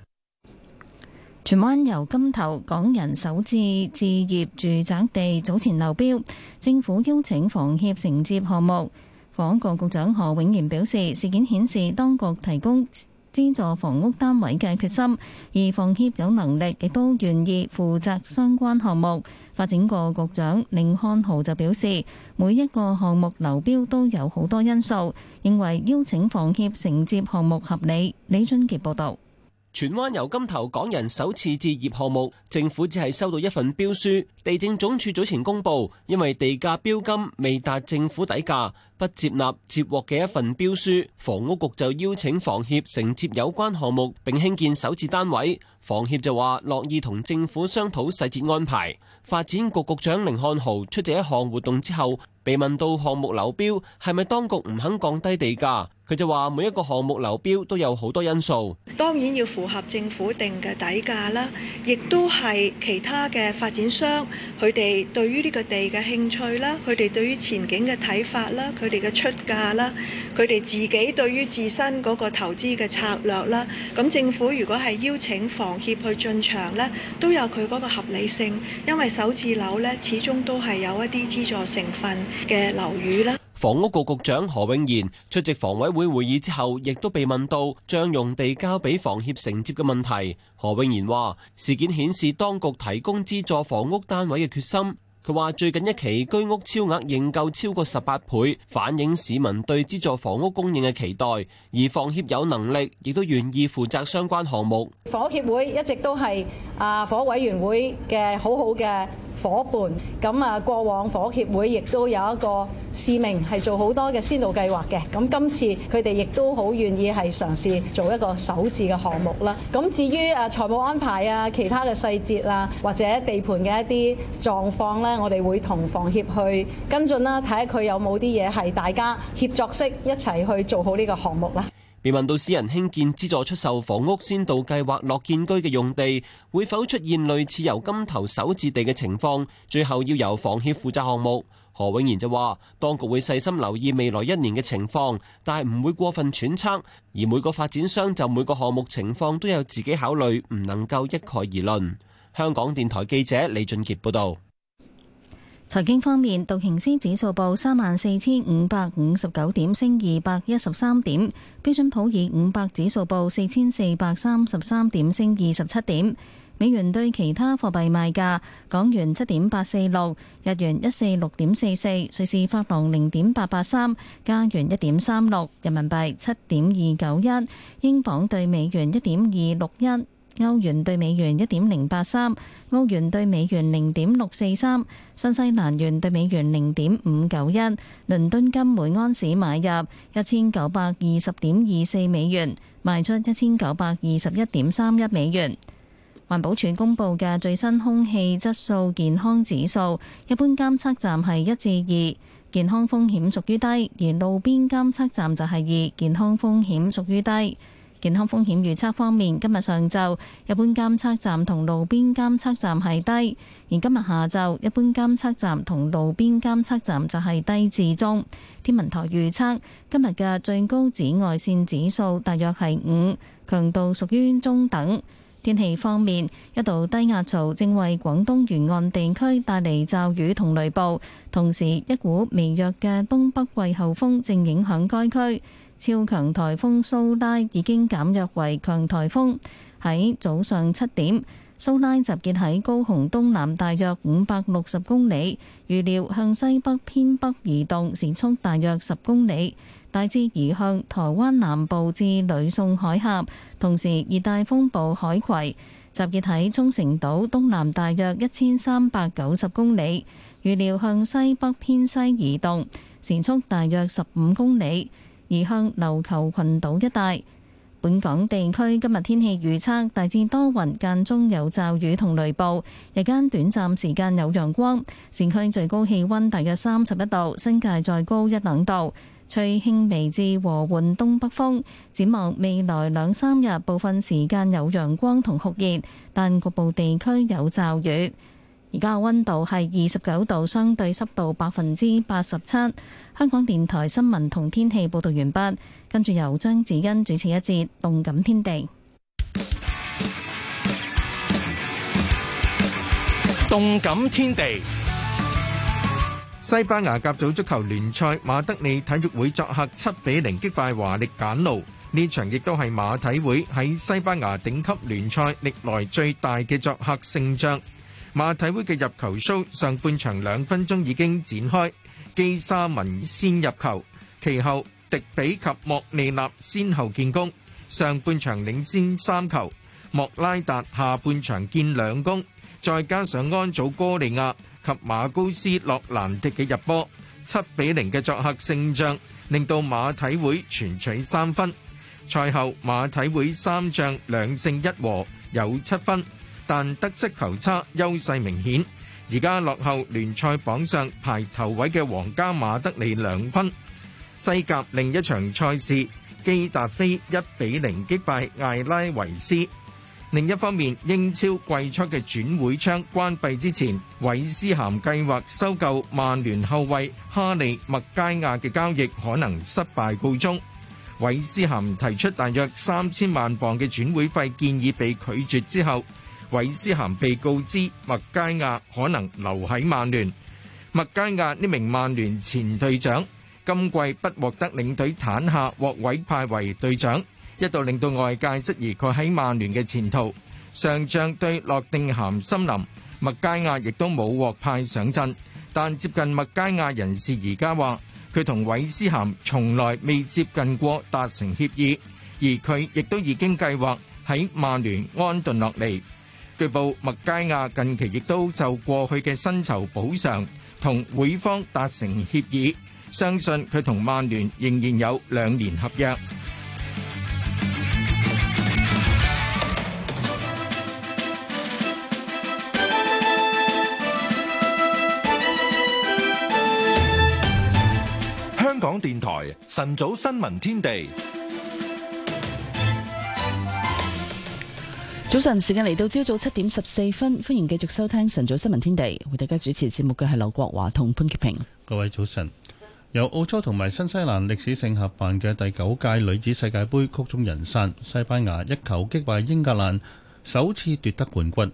S13: 荃灣油柑頭港人首次置業住宅地早前流標，政府邀請房協承接項目。房局局長何永賢表示，事件顯示當局提供資助房屋單位嘅決心，而房協有能力亦都願意負責相關項目。發展局局長寧漢豪就表示，每一個項目流標都有好多因素，認為邀請房協承接項目合理。李俊杰報道。
S9: 荃灣油柑頭港人首次置業項目，政府只係收到一份標書。地政總署早前公佈，因為地價標金未達政府底價，不接納接獲嘅一份標書。房屋局就邀請房協承接有關項目，並興建首次單位。房協就話樂意同政府商討細節安排。發展局局長甯漢豪出席一項活動之後，被問到項目流標係咪當局唔肯降低地價，佢就話每一個項目流標都有好多因素，
S14: 當然要符合政府定嘅底價啦，亦都係其他嘅發展商佢哋對於呢個地嘅興趣啦，佢哋對於前景嘅睇法啦，佢哋嘅出價啦，佢哋自己對於自身嗰個投資嘅策略啦。咁政府如果係邀請房協去進場咧都有佢嗰個合理性，因為首置樓咧始終都係有一啲資助成分嘅樓宇啦。
S9: 房屋局局長何永賢出席房委會會議之後，亦都被問到將用地交俾房協承接嘅問題。何永賢話：事件顯示當局提供資助房屋單位嘅決心。佢話最近一期居屋超額認購超過十八倍，反映市民對資助房屋供應嘅期待，而房協有能力亦都願意負責相關項目。
S5: 房屋協
S15: 會一直都係啊房屋委員會嘅好好嘅伙伴。咁啊，過往房屋協會亦都有一個使命係做好多嘅先導計劃嘅。咁今次佢哋亦都好願意係嘗試做一個首置嘅項目啦。咁至於啊財務安排啊，其他嘅細節啊，或者地盤嘅一啲狀況咧。我哋會同房協去跟進啦，睇下佢有冇啲嘢，係大家協作式一齊去做好呢個項目啦。
S9: 被問到私人興建資助出售房屋先導計劃落建居嘅用地會否出現類似由金頭首置地嘅情況，最後要由房協負責項目，何永賢就話當局會細心留意未來一年嘅情況，但係唔會過分揣測，而每個發展商就每個項目情況都有自己考慮，唔能夠一概而論。香港電台記者李俊杰報道。
S13: 財經方面，道瓊斯指數報三萬四千五百五十九點，升二百一十三點；標準普爾五百指數報四千四百三十三點，升二十七點。美元對其他貨幣賣價：港元七點八四六，日元一四六點四四，瑞士法郎零點八八三，加元一點三六，人民幣七點二九一，英鎊對美元一點二六一。歐元對美元一點零八三，歐元對美元零點六四三，新西蘭元對美元零點五九一，倫敦金每安士買入一千九百二十點二四美元，賣出一千九百二十一點三一美元。環保署公布嘅最新空氣質素健康指數，一般監測站係一至二，健康風險屬於低；而路邊監測站就係二，健康風險屬於低。健康風險預測方面，今日上晝一般監測站同路邊監測站係低，而今日下晝一般監測站同路邊監測站就係低至中。天文台預測今日嘅最高紫外線指數大約係五，強度屬於中等。天氣方面，一道低壓槽正為廣東沿岸地區帶嚟驟雨同雷暴，同時一股微弱嘅東北季候風正影響該區。超強颱風蘇拉已經減弱為強颱風。喺早上七點，蘇拉集結喺高雄東南大約五百六十公里，預料向西北偏北移動，時速大約十公里，大致移向台灣南部至呂宋海峽。同時，熱帶風暴海葵集結喺沖繩島東南大約一千三百九十公里，預料向西北偏西移動，時速大約十五公里，移向琉球群島一帶。本港地區今日天氣預測大致多雲，間中有驟雨同雷暴，日間短暫時間有陽光。市區最高氣溫大約三十一度，新界再高一兩度。吹輕微至和緩東北風。展望未來兩三日，部分時間有陽光同酷熱，但局部地區有驟雨。而家溫度係二十九度，相對濕度百分之八十七。香港電台新聞同天氣報道完畢，跟住由張子欣主持一節《動感天地》。
S12: 《動感天地》西班牙甲組足球聯賽，馬德里體育會作客七比零擊敗華力簡奴。呢場亦都係馬體會喺西班牙頂級聯賽歷來最大嘅作客勝仗。馬體會嘅入球數，上半場兩分鐘已經展開，基沙文先入球，其後迪比及莫利納先後建功，上半場領先三球。莫拉達下半場建兩攻，再加上安祖哥利亞及馬高斯洛蘭迪嘅入波，七比零嘅作客勝仗，令到馬體會全取三分。賽後馬體會三仗兩勝一和，有七分。但得失球差，優勢明顯，而家落後聯賽榜上排頭位嘅皇家馬德里兩分。西甲另一場賽事，基達菲一比零擊敗艾拉維斯。另一方面，英超季初嘅轉會窗關閉之前，韋斯咸計劃收購曼聯後衛哈利麥佳亞嘅交易可能失敗告終，韋斯咸提出大約三千萬磅嘅轉會費建議被拒絕之後。韋斯咸被告知麥佳亞可能留喺曼聯。麥佳亞呢名曼聯前隊長今季不獲得領隊坦赫獲委派為隊長，一度令到外界質疑佢喺曼聯嘅前途。上仗對諾定咸森林，麥佳亞亦都冇獲派上陣。但接近麥佳亞人士而家話，佢同韋斯咸從來未接近過達成協議，而佢亦都已經計劃喺曼聯安頓落嚟。據報，麥佳亞近期亦都就過去嘅薪酬補償同會方達成協議，相信佢同曼聯仍然有兩年合約。
S1: 香港電台晨早新聞天地。
S3: 早晨，時間嚟到朝早七點十四分，歡迎繼續收聽晨早新聞天地。為大家主持節目嘅係劉國華同潘潔平。
S4: 各位早晨！由澳洲同埋新西蘭歷史性合辦嘅第九屆女子世界杯曲終人散，西班牙一球擊敗英格蘭，首次奪得冠軍。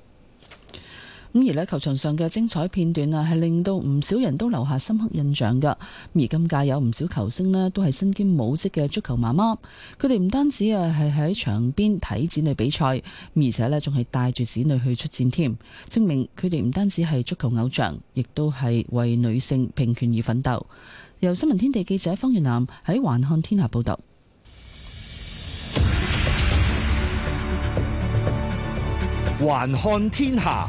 S3: 咁而咧球場上嘅精彩片段啊，係令到唔少人都留下深刻印象噶。而今屆有唔少球星咧，都係身兼母職嘅足球媽媽，佢哋唔單止啊，係喺場邊睇子女比賽，而且咧仲係帶住子女去出戰添，證明佢哋唔單止係足球偶像，亦都係為女性平權而奮鬥。由新聞天地記者方月南喺《還看天下》報道，
S16: 《還看天下》。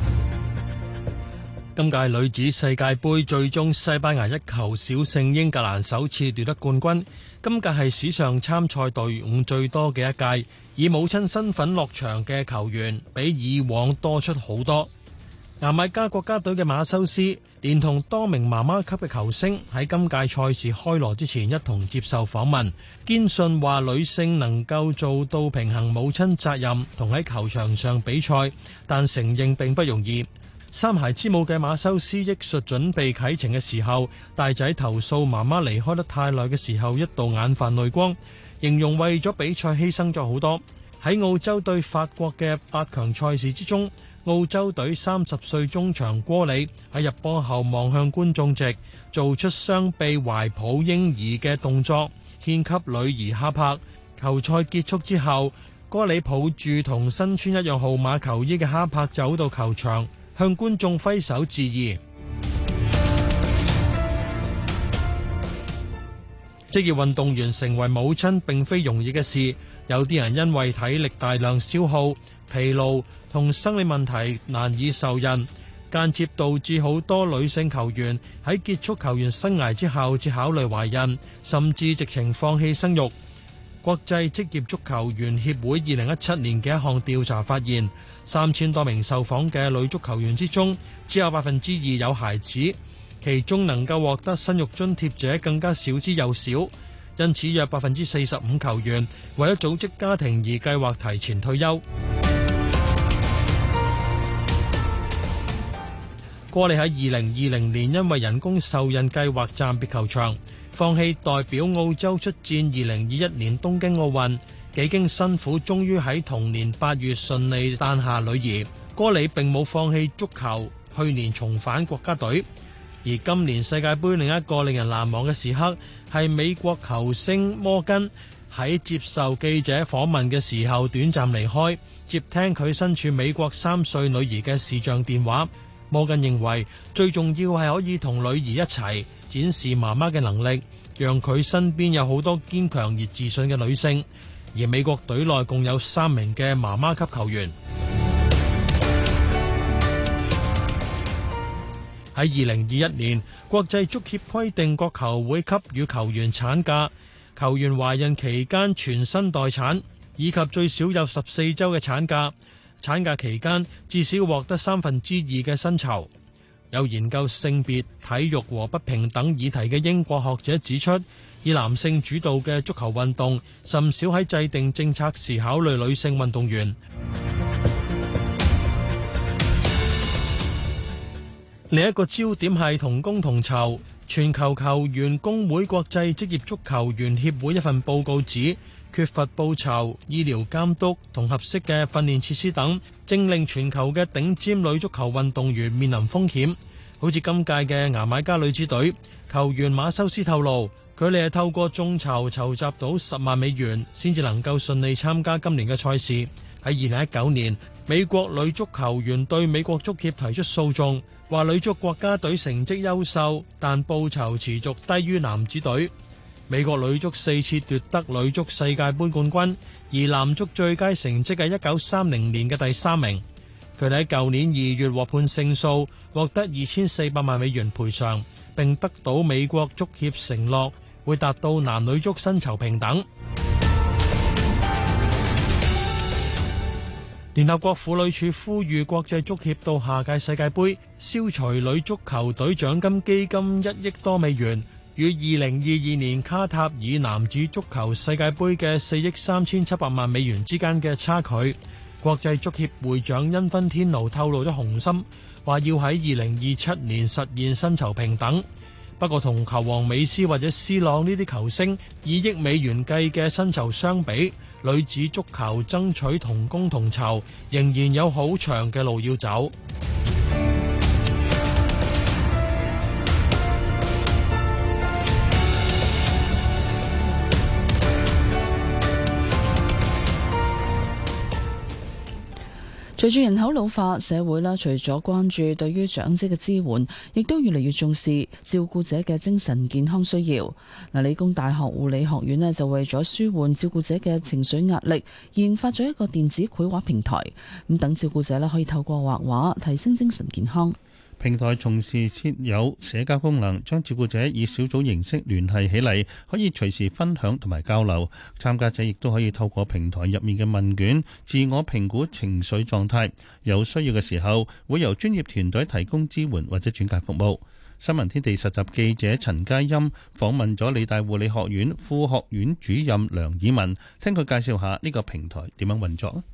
S16: 今屆女子世界杯最終西班牙一球小勝英格蘭，首次奪得冠軍。今屆係史上參賽隊伍最多嘅一屆，以母親身份落場嘅球員比以往多出好多。牙買加國家隊嘅馬修斯連同多名媽媽級嘅球星喺今屆賽事開鑼之前一同接受訪問，堅信話女性能夠做到平衡母親責任同喺球場上比賽，但承認並不容易。三孩之母嘅馬修斯憶述準備啟程嘅時候，大仔投訴媽媽離開得太耐嘅時候，一度眼泛淚光，形容為咗比賽犧牲咗好多。喺澳洲對法國嘅八強賽事之中，澳洲隊三十歲中場歌里喺入波後望向觀眾席，做出雙臂懷抱嬰兒嘅動作，獻給女兒哈柏。球賽結束之後，歌里抱住同身穿一樣號碼球衣嘅哈柏，走到球場，向觀眾揮手致意。職業運動員成為母親並非容易嘅事，有啲人因為體力大量消耗、疲勞同生理問題難以受孕，間接導致好多女性球員喺結束球員生涯之後至考慮懷孕，甚至直情放棄生育。國際職業足球員協會二零一七年嘅一項調查發現，三千多名受訪嘅女足球員之中，只有百分之二有孩子，其中能夠獲得生育津貼者更加少之又少。因此，約百分之四十五球員為咗組織家庭而計劃提前退休。郭利喺2020年因為人工受孕計劃暫別球場，放棄代表澳洲出戰2021年東京奧運。幾經辛苦，終於喺同年八月順利誕下女兒。哥里並冇放棄足球，去年重返國家隊。而今年世界杯另一個令人難忘嘅時刻，係美國球星摩根喺接受記者訪問嘅時候短暫離開，接聽佢身處美國三歲女兒嘅視像電話。摩根認為最重要係可以同女兒一齊展示媽媽嘅能力，讓佢身邊有好多堅強而自信嘅女性。而美國隊內共有三名嘅媽媽級球員。喺二零二一年，國際足協規定各球會給予球員產假，球員懷孕期間全身待產，以及最少有十四周嘅產假。產假期間至少獲得三分之二嘅薪酬。有研究性別、體育和不平等議題嘅英國學者指出，以男性主導嘅足球運動，甚少喺制定政策時考慮女性運動員。 另一個焦點係同工同酬。全球球員工會國際職業足球員協會一份報告指，缺乏報酬、醫療監督同合適嘅訓練設施等，正令全球嘅頂尖女足球運動員面臨風險。好似今屆嘅牙買加女子隊球員馬修斯透露。佢哋係透過眾籌籌集到十萬美元，先至能夠順利參加今年嘅賽事。喺二零一九年，美國女足球員對美國足協提出訴訟，話女足國家隊成績優秀，但報酬持續低於男子隊。美國女足四次奪得女足世界杯冠軍，而男足最佳成績係一九三零年嘅第三名。佢哋喺舊年二月獲判勝訴，獲得二千四百萬美元賠償。並得到美國足協承諾，會達到男女足薪酬平等。聯 合國婦女處呼籲國際足協到下屆世界杯消除女足球隊獎金基金一億多美元與二零二二年卡塔爾男子足球世界杯嘅四億三千七百萬美元之間嘅差距。國際足協會長因芬天奴透露咗雄心，話要喺二零二七年實現薪酬平等。不過，同球王美斯或者 C 朗呢啲球星以億美元計嘅薪酬相比，女子足球爭取同工同酬仍然有好長嘅路要走。
S3: 隨住人口老化，社會咧除咗關注對於長者嘅支援，亦都越嚟越重視照顧者嘅精神健康需要。嗱，理工大學護理學院咧就為咗舒緩照顧者嘅情緒壓力，研發咗一個電子繪畫平台，咁等照顧者咧可以透過畫畫提升精神健康。
S4: 平台從事設有社交功能，將照顧者以小組形式聯繫起嚟，可以隨時分享同埋交流。參加者亦都可以透過平台入面嘅問卷自我評估情緒狀態，有需要嘅時候會由專業團隊提供支援或者轉介服務。新聞天地實習記者陳佳音訪問咗理大護理學院副學院主任梁以文，聽佢介紹下呢個平台點樣運作。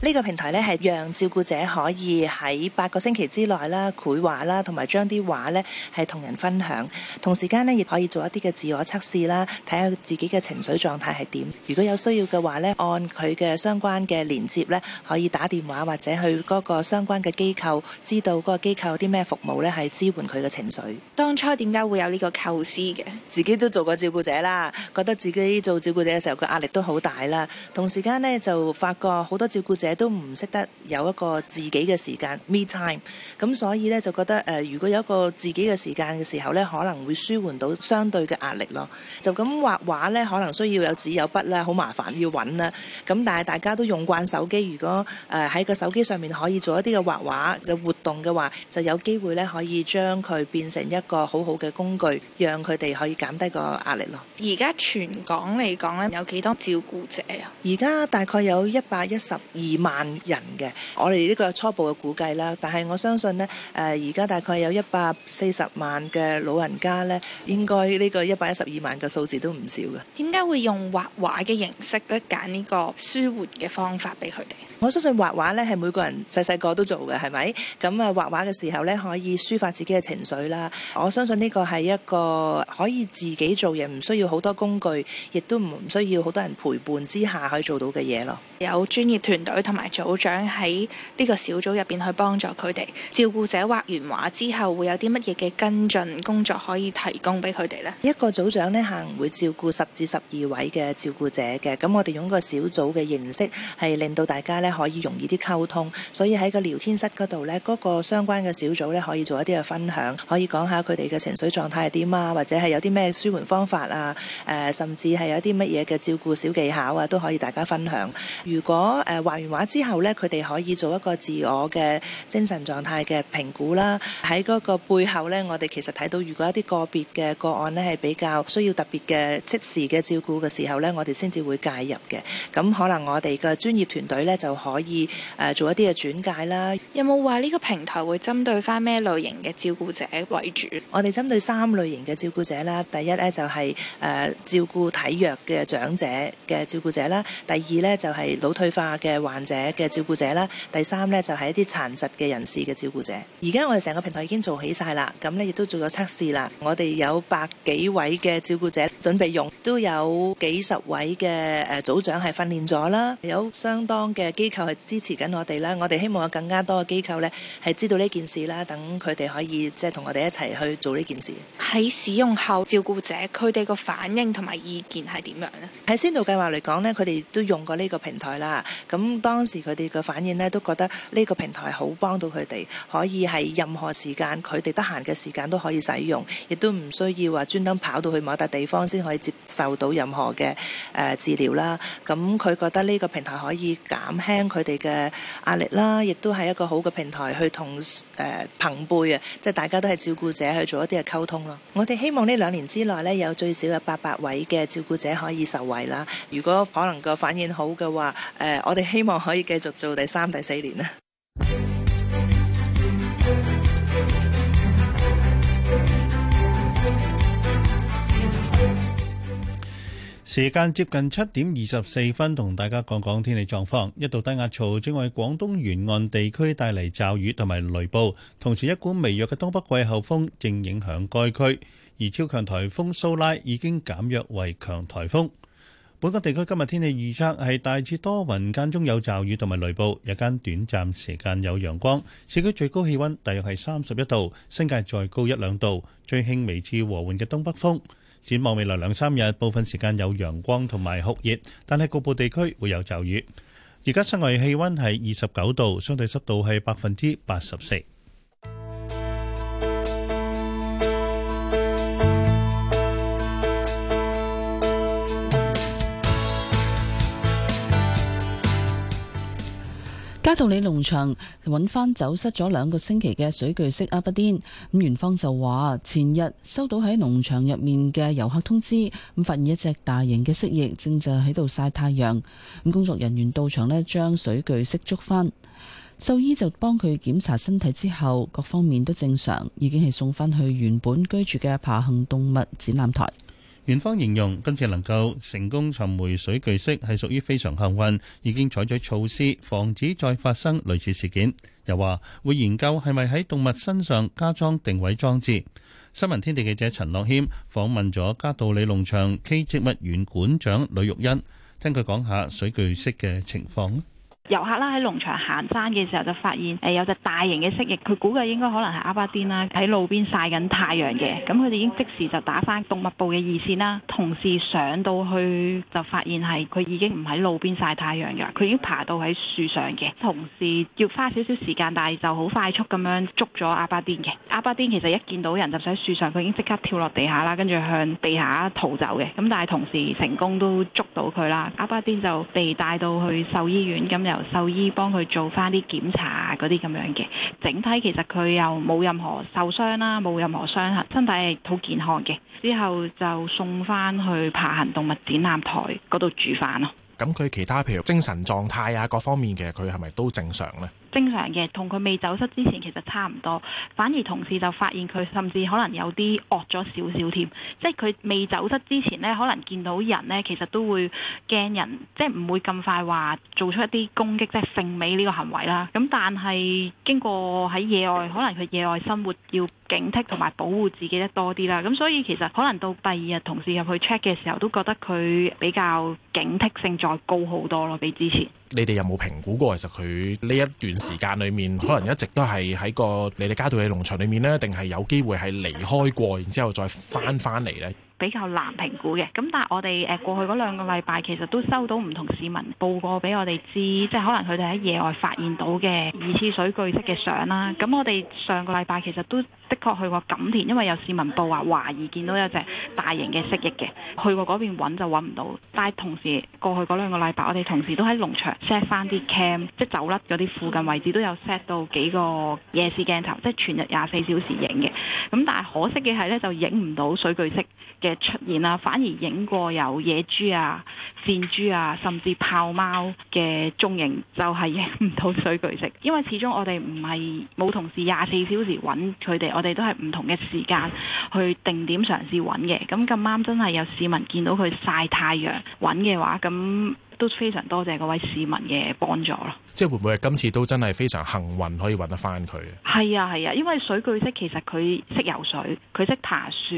S17: 呢個平台咧係讓照顧者可以喺八個星期之內啦，繪畫啦，同埋將啲畫咧係同人分享，同時間咧亦可以做一啲嘅自我測試啦，睇下自己嘅情緒狀態係點，如果有需要嘅話咧，按佢嘅相關嘅連接咧，可以打電話或者去嗰個相關嘅機構，知道嗰個機構有啲咩服務咧係支援佢嘅情緒。當初點解會有呢個構思嘅？自己都做過照顧者啦，覺得自己做照顧者嘅時候個壓力都好大啦，同時間咧就發覺好多照顧者。都唔識得有一個自己嘅時間，me time。咁所以呢，就覺得誒、呃，如果有一個自己嘅時間嘅時候呢，可能會舒緩到相對嘅壓力咯。就咁畫畫呢，可能需要有紙有筆啦，好麻煩要揾啦。咁但係大家都用慣手機，如果誒喺個手機上面可以做一啲嘅畫畫嘅活動嘅話，就有機會呢，可以將佢變成一個好好嘅工具，讓佢哋可以減低個壓力咯。
S15: 而家全港嚟講呢，有幾多照顧者啊？
S17: 而家大概有一百一十二萬人嘅，我哋呢個初步嘅估計啦，但係我相信呢，誒而家大概有一百四十萬嘅老人家呢，應該呢個一百一十二萬嘅數字都唔少嘅。點解會用畫畫嘅
S15: 形式咧，揀呢個舒緩嘅方法俾佢哋？
S17: 我相信畫畫呢係每個人細細個都做嘅，係咪？咁啊，畫畫嘅時候呢，可以抒發自己嘅情緒啦。我相信呢個係一個可以自己做嘢，唔需要好多工具，亦都唔唔需要好多人陪伴之下可以做到嘅嘢咯。有專業團隊同埋組長喺呢個小
S15: 組入邊去幫助佢哋。照顧者畫完畫之後，會有啲乜嘢嘅跟進工作
S17: 可以提供俾佢哋呢？一個組長呢，可能會照顧十至十二位嘅照顧者嘅。咁我哋用個小組嘅形式，係令到大家呢可以容易啲溝通。所以喺個聊天室嗰度呢，嗰個相關嘅小組呢，可以做一啲嘅分享，可以講下佢哋嘅情緒狀態係點啊，或者係有啲咩舒緩方法啊，誒、呃，甚至係有啲乜嘢嘅照顧小技巧啊，都可以大家分享。如果誒畫、呃、完畫之後咧，佢哋可以做一個自我嘅精神狀態嘅評估啦。喺嗰個背後咧，我哋其實睇到，如果一啲個別嘅個案咧，係比較需要特別嘅即時嘅照顧嘅時候咧，我哋先至會介入嘅。咁可能我哋嘅專業團隊咧就可以誒、呃、做一啲嘅轉介啦。
S15: 有冇話呢個平台會針對翻咩類型嘅照顧者為主？
S17: 我哋針對三類型嘅照顧者啦。第一咧就係、是、誒、呃、照顧體弱嘅長者嘅照顧者啦。第二咧就係、是。腦退化嘅患者嘅照顧者啦，第三呢，就係一啲殘疾嘅人士嘅照顧者。而家我哋成個平台已經做起晒啦，咁呢，亦都做咗測試啦。我哋有百幾位嘅照顧者準備用，都有幾十位嘅誒組長係訓練咗啦，有相當嘅機構係支持緊我哋啦。我哋希望有更加多嘅機構呢，係知道呢件事啦，等佢哋可以即係同我哋一齊去做呢件事。
S15: 喺使用後照顧者佢哋個反應同埋意見係點樣呢？
S17: 喺先導計劃嚟講呢，佢哋都用過呢個平台。係啦，咁當時佢哋嘅反應呢，都覺得呢個平台好幫到佢哋，可以喺任何時間佢哋得閒嘅時間都可以使用，亦都唔需要話專登跑到去某笪地方先可以接受到任何嘅誒、呃、治療啦。咁佢覺得呢個平台可以減輕佢哋嘅壓力啦，亦都係一個好嘅平台去同誒朋輩啊，即、呃、係、就是、大家都係照顧者去做一啲嘅溝通咯。 我哋希望呢兩年之內呢，有最少有八百位嘅照顧者可以受惠啦。如果可能個反應好嘅話，誒、嗯，我哋希望可以繼續做第三、第四年啦。
S4: 時間接近七點二十四分，同大家講講天氣狀況。一道低壓槽正為廣東沿岸地區帶嚟驟雨同埋雷暴，同時一股微弱嘅東北季候風正影響該區，而超強台風蘇拉已經減弱為強台風。本港地區今日天，天氣預測係大致多雲間中有驟雨同埋雷暴，日間短暫時間有陽光。市區最高氣溫大約係三十一度，新界再高一兩度。吹輕微至和緩嘅東北風，展望未來兩三日，部分時間有陽光同埋酷熱，但係局部地區會有驟雨。而家室外氣溫係二十九度，相對濕度係百分之八十四。
S3: 嘉道理農場搵翻，走失咗兩個星期嘅水巨蜥阿不癲咁，園方就話前日收到喺農場入面嘅遊客通知咁，發現一隻大型嘅蜥蜴正在喺度曬太陽咁。工作人員到場咧，將水巨蜥捉翻，獸醫就幫佢檢查身體之後，各方面都正常，已經係送翻去原本居住嘅爬行動物展覽台。
S4: 園方形容今次能夠成功尋回水巨蜥係屬於非常幸運，已經採取措施防止再發生類似事件。又話會研究係咪喺動物身上加裝定位裝置。新聞天地記者陳樂謙訪問咗嘉道理農場暨植物園館長呂玉欣，聽佢講下水巨蜥嘅情況。
S15: 遊客啦喺農場行山嘅時候就發現，誒有隻大型嘅蜥蜴，佢估計應該可能係阿巴癲啦，喺路邊曬緊太陽嘅，咁佢哋已經即時就打翻動物部嘅二線啦。同事上到去就發現係佢已經唔喺路邊曬太陽㗎，佢已經爬到喺樹上嘅。同事要花少少時間，但係就好快速咁樣捉咗阿巴癲嘅。阿巴癲其實一見到人就喺樹上，佢已經即刻跳落地下啦，跟住向地下逃走嘅。咁但係同事成功都捉到佢啦，阿巴癲就被帶到去獸醫院咁又。獸醫幫佢做翻啲檢查嗰啲咁樣嘅，整體其實佢又冇任何受傷啦，冇任何傷痕，身體係好健康嘅。之後就送翻去爬行動物展覽台嗰度煮飯咯。
S10: 咁佢其他譬如精神狀態啊，各方面其實佢係咪都正常呢？
S15: 正常嘅，同佢未走失之前其實差唔多，反而同事就發現佢甚至可能有啲惡咗少少添，即係佢未走失之前咧，可能見到人咧，其實都會驚人，即係唔會咁快話做出一啲攻擊，即係性美呢個行為啦。咁但係經過喺野外，可能佢野外生活要警惕同埋保護自己得多啲啦。咁所以其實可能到第二日同事入去 check 嘅時候，都覺得佢比較警惕性再高好多咯，比之前。
S10: 你哋有冇評估過？其實佢呢一段時間裏面，可能一直都係喺個你哋家道嘅農場裏面呢，定係有機會係離開過，然之後再翻翻嚟呢？
S15: 比較難評估嘅，咁但係我哋誒過去嗰兩個禮拜其實都收到唔同市民報過俾我哋知，即係可能佢哋喺野外發現到嘅疑似水巨蜥嘅相啦。咁我哋上個禮拜其實都的確去過錦田，因為有市民報話懷疑見到有隻大型嘅蜥蜴嘅，去過嗰邊揾就揾唔到。但係同時過去嗰兩個禮拜，我哋同時都喺農場 set 翻啲 cam，即係走甩嗰啲附近位置都有 set 到幾個夜視鏡頭，即係全日廿四小時影嘅。咁但係可惜嘅係呢，就影唔到水巨蜥嘅出現啦，反而影過有野豬啊、箭豬啊，甚至豹貓嘅蹤影，就係影唔到水巨蜥，因為始終我哋唔係冇同事廿四小時揾佢哋，我哋都係唔同嘅時間去定點嘗試揾嘅。咁咁啱真係有市民見到佢曬太陽揾嘅話，咁。都非常多謝嗰位市民嘅幫助咯，即
S10: 係會唔會係今次都真係非常幸運可以揾得翻佢？
S15: 係啊，係啊，因為水巨蜥其實佢識游水，佢識爬樹，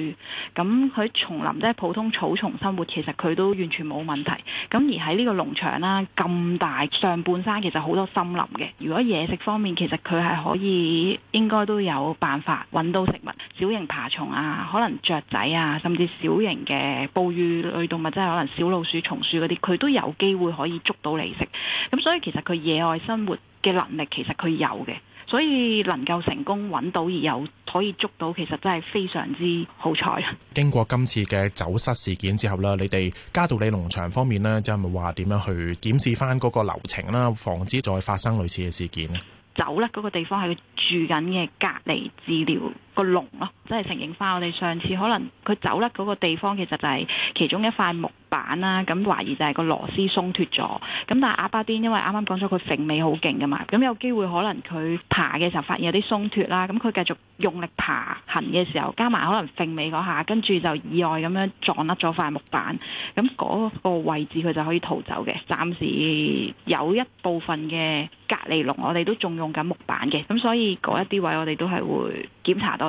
S15: 咁佢叢林即係普通草叢生活，其實佢都完全冇問題，咁而喺呢個農場啦，咁大上半山其實好多森林嘅，如果嘢食方面其實佢係可以應該都有辦法揾到食物，小型爬蟲啊，可能雀仔啊，甚至小型嘅哺乳類動物，即係可能小老鼠、松鼠嗰啲，佢都有機機會可以捉到利息，咁、嗯、所以其實佢野外生活嘅能力其實佢有嘅，所以能夠成功揾到而又可以捉到，其實真係非常之好彩。
S10: 經過今次嘅走失事件之後啦，你哋嘉道理農場方面呢，就係咪話點樣去檢視翻嗰個流程啦，防止再發生類似嘅事件咧？
S15: 走啦，嗰、那個地方係佢住緊嘅隔離治療。個籠咯，即係承認翻我哋上次可能佢走甩嗰個地方，其實就係其中一塊木板啦。咁懷疑就係個螺絲鬆脱咗。咁但係阿巴丁因為啱啱講咗佢馭尾好勁噶嘛，咁有機會可能佢爬嘅時候發現有啲鬆脱啦。咁佢繼續用力爬行嘅時候，加埋可能馭尾嗰下，跟住就意外咁樣撞甩咗塊木板。咁嗰個位置佢就可以逃走嘅。暫時有一部分嘅隔離籠，我哋都仲用緊木板嘅。咁所以嗰一啲位我哋都係會檢查到。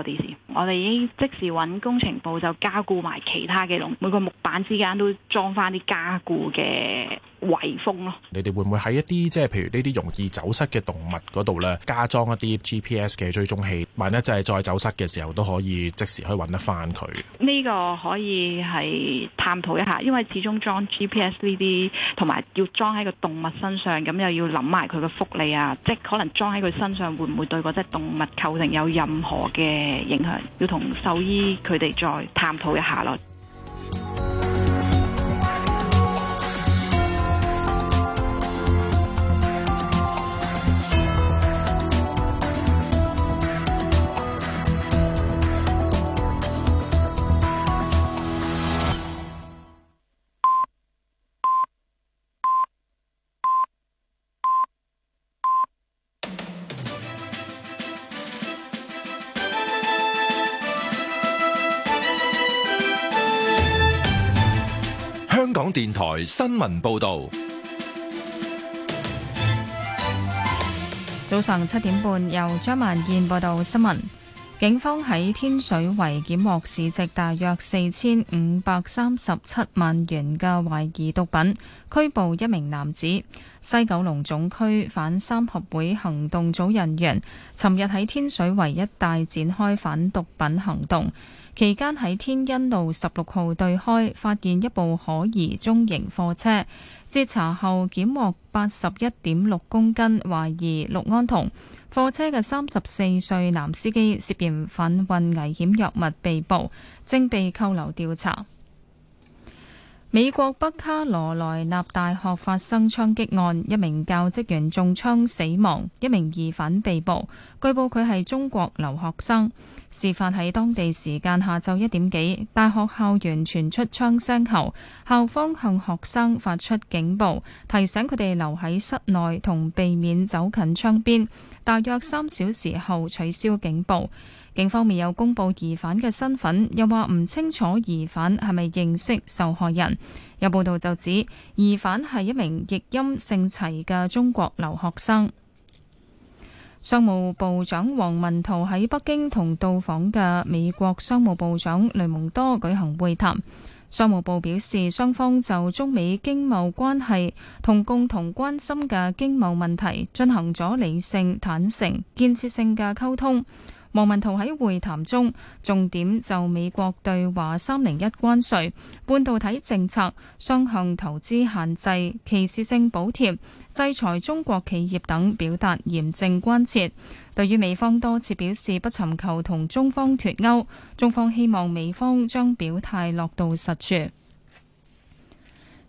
S15: 我哋已經即時揾工程部，就加固埋其他嘅龍，每個木板之間都裝翻啲加固嘅。遺風
S10: 咯，你哋會唔會喺一啲即係譬如呢啲容易走失嘅動物嗰度咧，加裝一啲 GPS 嘅追蹤器，萬一就係再走失嘅時候都可以即時可以搵得翻佢？
S15: 呢個可以係探討一下，因為始終裝 GPS 呢啲，同埋要裝喺個動物身上，咁又要諗埋佢嘅福利啊，即係可能裝喺佢身上會唔會對嗰隻動物構成有任何嘅影響？要同獸醫佢哋再探討一下咯。
S1: 電台新聞報道，
S2: 早上七點半，由張萬健報道新聞。警方喺天水圍檢獲市值大約四千五百三十七萬元嘅懷疑毒品，拘捕一名男子。西九龍總區反三合會行動組人員尋日喺天水圍一帶展開反毒品行動。期間喺天恩路十六號對開發現一部可疑中型貨車，截查後檢獲八十一點六公斤懷疑氯胺酮，貨車嘅三十四歲男司機涉嫌販運危險藥物被捕，正被扣留調查。美國北卡羅來納大學發生槍擊案，一名教職員中槍死亡，一名疑犯被捕。據報佢係中國留學生。事發喺當地時間下晝一點幾，大學校園傳出槍聲後，校方向學生發出警報，提醒佢哋留喺室內同避免走近窗邊。大約三小時後取消警報。警方未有公布疑犯嘅身份，又話唔清楚疑犯係咪認識受害人。有報道就指疑犯係一名譯音姓齊嘅中國留學生。商務部長王文濤喺北京同到訪嘅美國商務部長雷蒙多舉行會談。商務部表示，雙方就中美經貿關係同共同關心嘅經貿問題進行咗理性、坦誠、建設性嘅溝通。王文濤喺會談中重點就美國對華三零一關稅、半導體政策、雙向投資限制、歧視性補貼、制裁中國企業等表達嚴正關切。對於美方多次表示不尋求同中方脱鈎，中方希望美方將表態落到實處。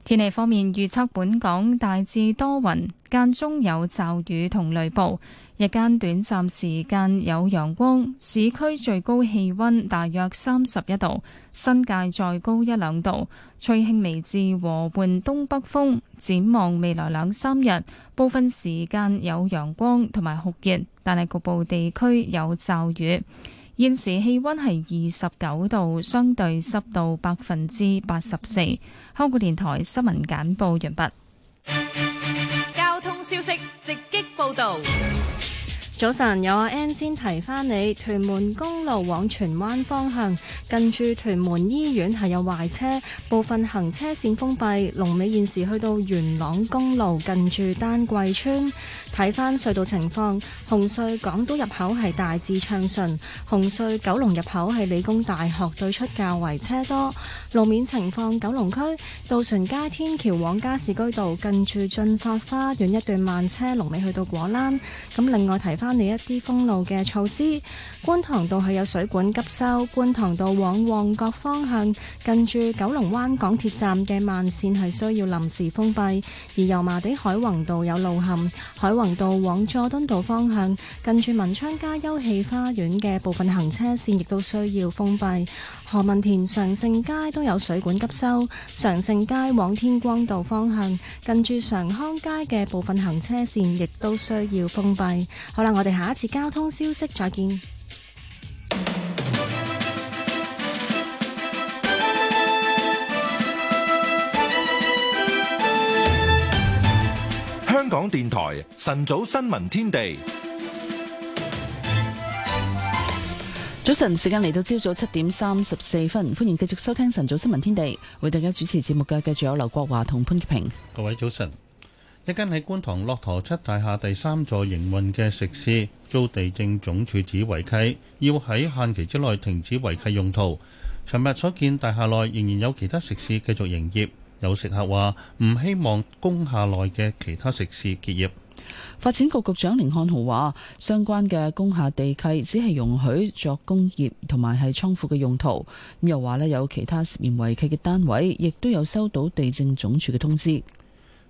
S2: 天氣方面預測本港大致多雲，間中有驟雨同雷暴。日間短暫時間有陽光，市區最高氣温大約三十一度，新界再高一兩度，吹輕微至和緩東北風。展望未來兩三日，部分時間有陽光同埋酷熱，但係局部地區有驟雨。現時氣温係二十九度，相對濕度百分之八十四。香港電台新聞簡報完畢。
S15: 交通消息直擊報道。Yes.
S8: 早晨，有阿 Ann 先提翻你，屯門公路往荃灣方向近住屯門醫院係有壞車，部分行車線封閉，龍尾現時去到元朗公路近住丹桂村。睇翻隧道情況，紅隧港島入口係大致暢順，紅隧九龍入口係理工大學對出較為車多。路面情況，九龍區渡船街天橋往加士居道近住進發花園一段慢車，龍尾去到果欄。咁另外提翻你一啲封路嘅措施，觀塘道係有水管急修，觀塘道往旺角方向近住九龍灣港鐵站嘅慢線係需要臨時封閉，而油麻地海泓道有路陷，海宏道往佐敦道方向，近住文昌街休憩花園嘅部分行車線亦都需要封閉。何文田常勝街都有水管急修，常勝街往天光道方向，近住常康街嘅部分行車線亦都需要封閉。好啦，我哋下一次交通消息再見。
S1: 香港電台晨早新聞天地，
S3: 早晨時間嚟到朝早七點三十四分，歡迎繼續收聽晨早新聞天地，為大家主持節目嘅繼續有劉國華同潘潔平。
S4: 各位早晨，一間喺觀塘駱駝七大廈第三座營運嘅食肆，遭地政總署指違契，要喺限期之內停止違契用途。尋日所見大廈內仍然有其他食肆繼續營業。有食客話唔希望工廈內嘅其他食肆結業。
S3: 發展局局長甯漢豪話：相關嘅工廈地契只係容許作工業同埋係倉庫嘅用途。又話咧有其他涉嫌違契嘅單位，亦都有收到地政總署嘅通知。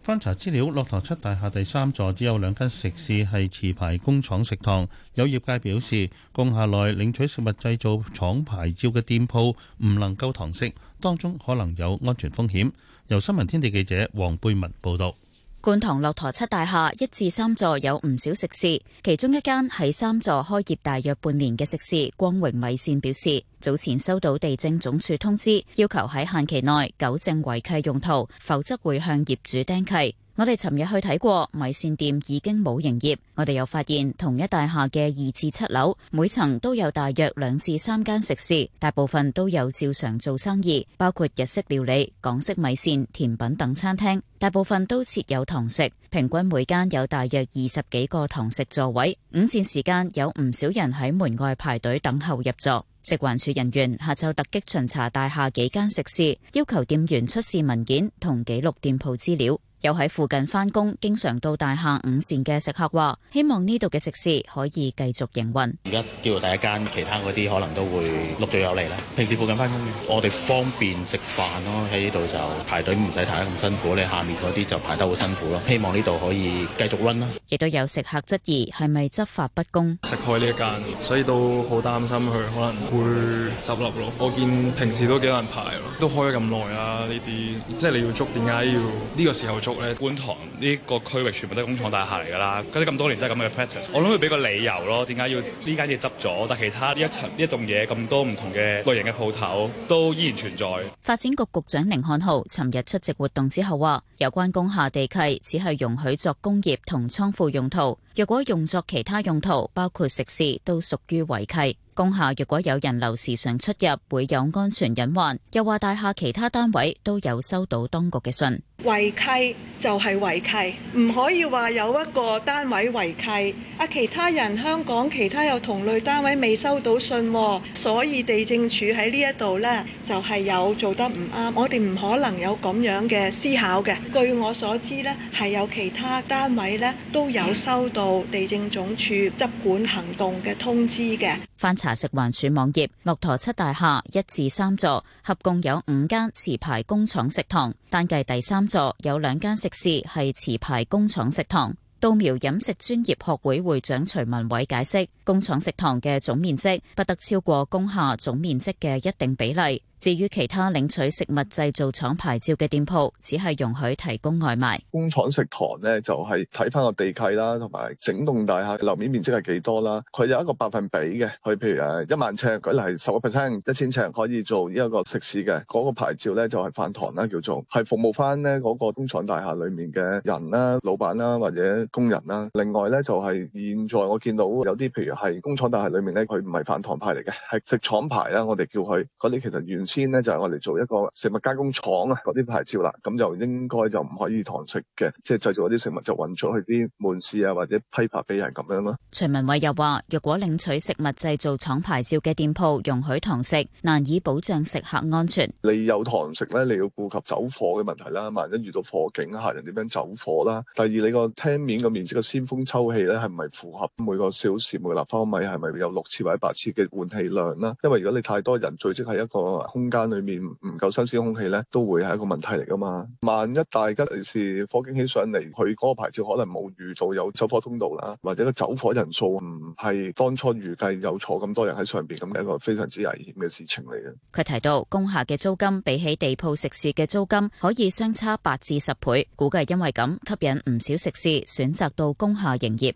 S4: 翻查資料，駱駝漆大廈第三座只有兩間食肆係持牌工廠食堂。有業界表示，工廈內領取食物製造廠牌照嘅店鋪唔能夠堂食，當中可能有安全風險。由新聞天地記者黃貝文報道，
S11: 觀塘駱駝七大廈一至三座有唔少食肆，其中一間喺三座開業大約半年嘅食肆光榮米線表示，早前收到地政總署通知，要求喺限期內糾正違契用途，否則會向業主釘契。我哋尋日去睇過米線店，已經冇營業。我哋又發現同一大廈嘅二至七樓，每層都有大約兩至三間食肆，大部分都有照常做生意，包括日式料理、港式米線、甜品等餐廳。大部分都設有堂食，平均每間有大約二十幾個堂食座位。午膳時間有唔少人喺門外排隊等候入座。食環署人員下晝突擊巡查大廈幾間食肆，要求店員出示文件同記錄店鋪資料。有喺附近翻工，經常到大廈午膳嘅食客話：希望呢度嘅食肆可以繼續營運。而
S10: 家叫做第一間，其他嗰啲可能都會陸咗入嚟啦。平時附近翻工，我哋方便食飯咯，喺呢度就排隊唔使排得咁辛苦，你下面嗰啲就排得好辛苦咯。希望呢度可以繼續温啦。
S11: 亦都有食客質疑係咪執法不公？
S18: 食開呢一間，所以都好擔心佢可能會執笠咯。我見平時都幾難排咯，都開咗咁耐啦，呢啲即係你要捉，點解要呢個時候.觀塘呢個區域全部都係工廠大廈嚟㗎啦，跟住咁多年都係咁嘅 practice。我諗佢俾個理由
S10: 咯，
S19: 點解要呢間嘢執咗？但其他一層一棟嘢咁多唔同嘅類型嘅鋪頭都依然存在。
S11: 發展局局長甯漢豪尋日出席活動之後話：有關工廈地契只係容許作工業同倉庫用途，若果用作其他用途，包括食肆，都屬於違契。工廈若果有人流時常出入，會有安全隱患。又話大廈其他單位都有收到當局嘅信。
S14: 違契就係違契，唔可以話有一個單位違契，啊其他人香港其他有同類單位未收到信，所以地政署喺呢一度呢，就係有做得唔啱，我哋唔可能有咁樣嘅思考嘅。據我所知呢，係有其他單位呢都有收到地政總署執管行動嘅通知嘅。
S11: 翻查食環署網頁，駱駝七大廈一至三座合共有五間持牌工廠食堂，單計第三。座有兩間食肆係持牌工廠食堂。稻苗飲食專業學會會長徐文偉解釋，工廠食堂嘅總面積不得超過工廈總面積嘅一定比例。至於其他領取食物製造廠牌照嘅店鋪，只係容許提供外賣。
S18: 工廠食堂咧，就係睇翻個地契啦，同埋整棟大廈樓面面積係幾多啦？佢有一個百分比嘅，佢譬如誒一萬呎，舉例係十個 percent，一千尺可以做一個食肆嘅。嗰、嗰個牌照咧就係飯堂啦，叫做係服務翻呢嗰個工廠大廈裡面嘅人啦、老闆啦或者工人啦。另外咧就係現在我見到有啲譬如係工廠大廈裡面咧，佢唔係飯堂牌嚟嘅，係食廠牌啦，我哋叫佢嗰啲其實完。先咧就係我哋做一個食物加工廠啊嗰啲牌照啦，咁就應該就唔可以堂食嘅，即係製造嗰啲食物就運出去啲門市啊或者批發俾人咁樣咯。
S11: 徐文偉又話：若果領取食物製造廠牌照嘅店鋪容許堂食，難以保障食客安全。
S18: 你有堂食咧，你要顧及走火嘅問題啦，萬一遇到火警，客人點樣走火啦？第二，你個廳面嘅面積嘅鮮風抽氣咧，係咪符合每個小時每立方米係咪有六次或者八次嘅換氣量啦？因為如果你太多人聚集，係一個。空間裏面唔夠新鮮空氣咧，都會係一個問題嚟噶嘛。萬一大吉利是火警起上嚟，佢嗰個牌照可能冇預到有走火通道啦，或者個走火人數唔係當初預計有坐咁多人喺上邊，咁嘅一個非常之危險嘅事情嚟嘅。
S11: 佢提到，工廈嘅租金比起地鋪食肆嘅租金可以相差八至十倍，估計因為咁吸引唔少食肆選擇到工廈營業。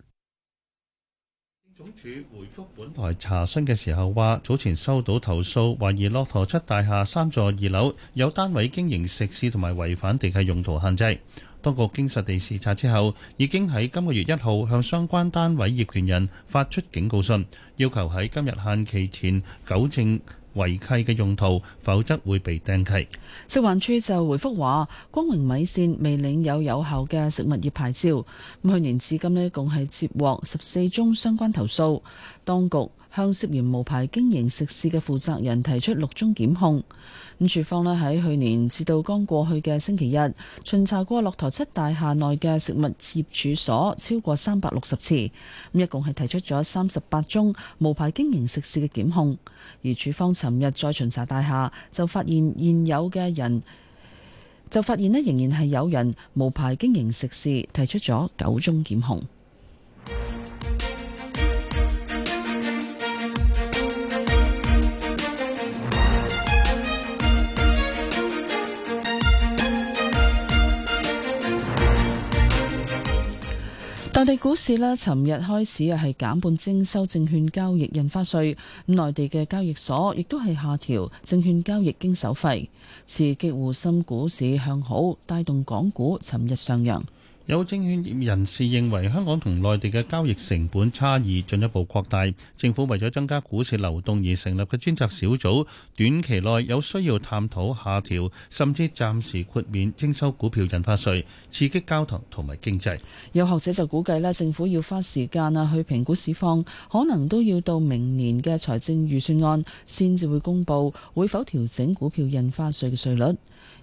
S4: 署回覆本台查詢嘅時候話，早前收到投訴，懷疑駱駝七大廈三座二樓有單位經營食肆同埋違反地契用途限制。當局經實地視察之後，已經喺今個月一號向相關單位業權人發出警告信，要求喺今日限期前糾正違規嘅用途，否則會被釘契。
S3: 食環署就回覆話，光榮米線未領有有效嘅食物業牌照。去年至今咧，共係接獲十四宗相關投訴，當局向涉嫌無牌經營食肆嘅負責人提出六宗檢控。咁署方咧喺去年至到剛過去嘅星期日巡查過駱駝漆大廈內嘅食物業處所超過三百六十次，咁一共係提出咗三十八宗無牌經營食肆嘅檢控。而署方尋日再巡查大廈，就發現現有嘅人就發現咧仍然係有人無牌經營食肆，提出咗九宗檢控。內地股市咧，尋日開始啊係減半徵收證券交易印花稅，內地嘅交易所亦都係下調證券交易經手費，刺激滬深股市向好，帶動港股尋日上揚。
S4: 有證券業人士認為，香港同內地嘅交易成本差異進一步擴大。政府為咗增加股市流動而成立嘅專責小組，短期內有需要探討下調，甚至暫時豁免徵收股票印花稅，刺激交投同埋經濟。
S3: 有學者就估計咧，政府要花時間啊去評估市況，可能都要到明年嘅財政預算案先至會公佈，會否調整股票印花稅嘅稅率。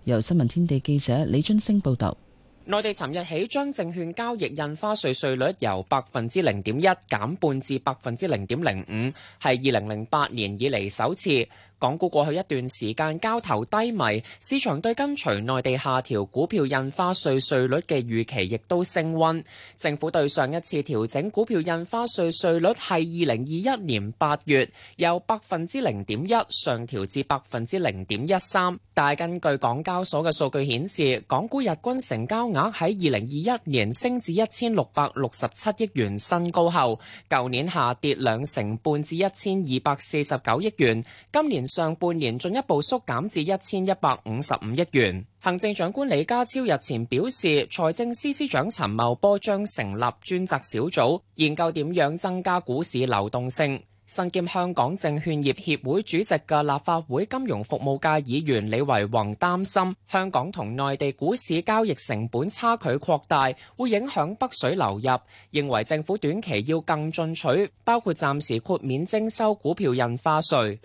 S3: 由新聞天地記者李津星報道。
S20: 內地尋日起將證券交易印花稅稅率由百分之零點一減半至百分之零點零五，係二零零八年以嚟首次。港股過去一段時間交投低迷，市場對跟隨內地下調股票印花稅稅率嘅預期亦都升温。政府對上一次調整股票印花稅稅率係二零二一年八月，由百分之零點一上調至百分之零點一三。但根據港交所嘅數據顯示，港股日均成交額喺二零二一年升至一千六百六十七億元新高後，舊年下跌兩成半至一千二百四十九億元，今年上半年進一步縮減至一千一百五十五億元。行政長官李家超日前表示，財政司司長陳茂波將成立專責小組，研究點樣增加股市流動性。身兼香港證券業協會主席嘅立法會金融服務界議員李維宏擔心，香港同內地股市交易成本差距擴大，會影響北水流入，認為政府短期要更進取，包括暫時豁免徵收股票印花稅。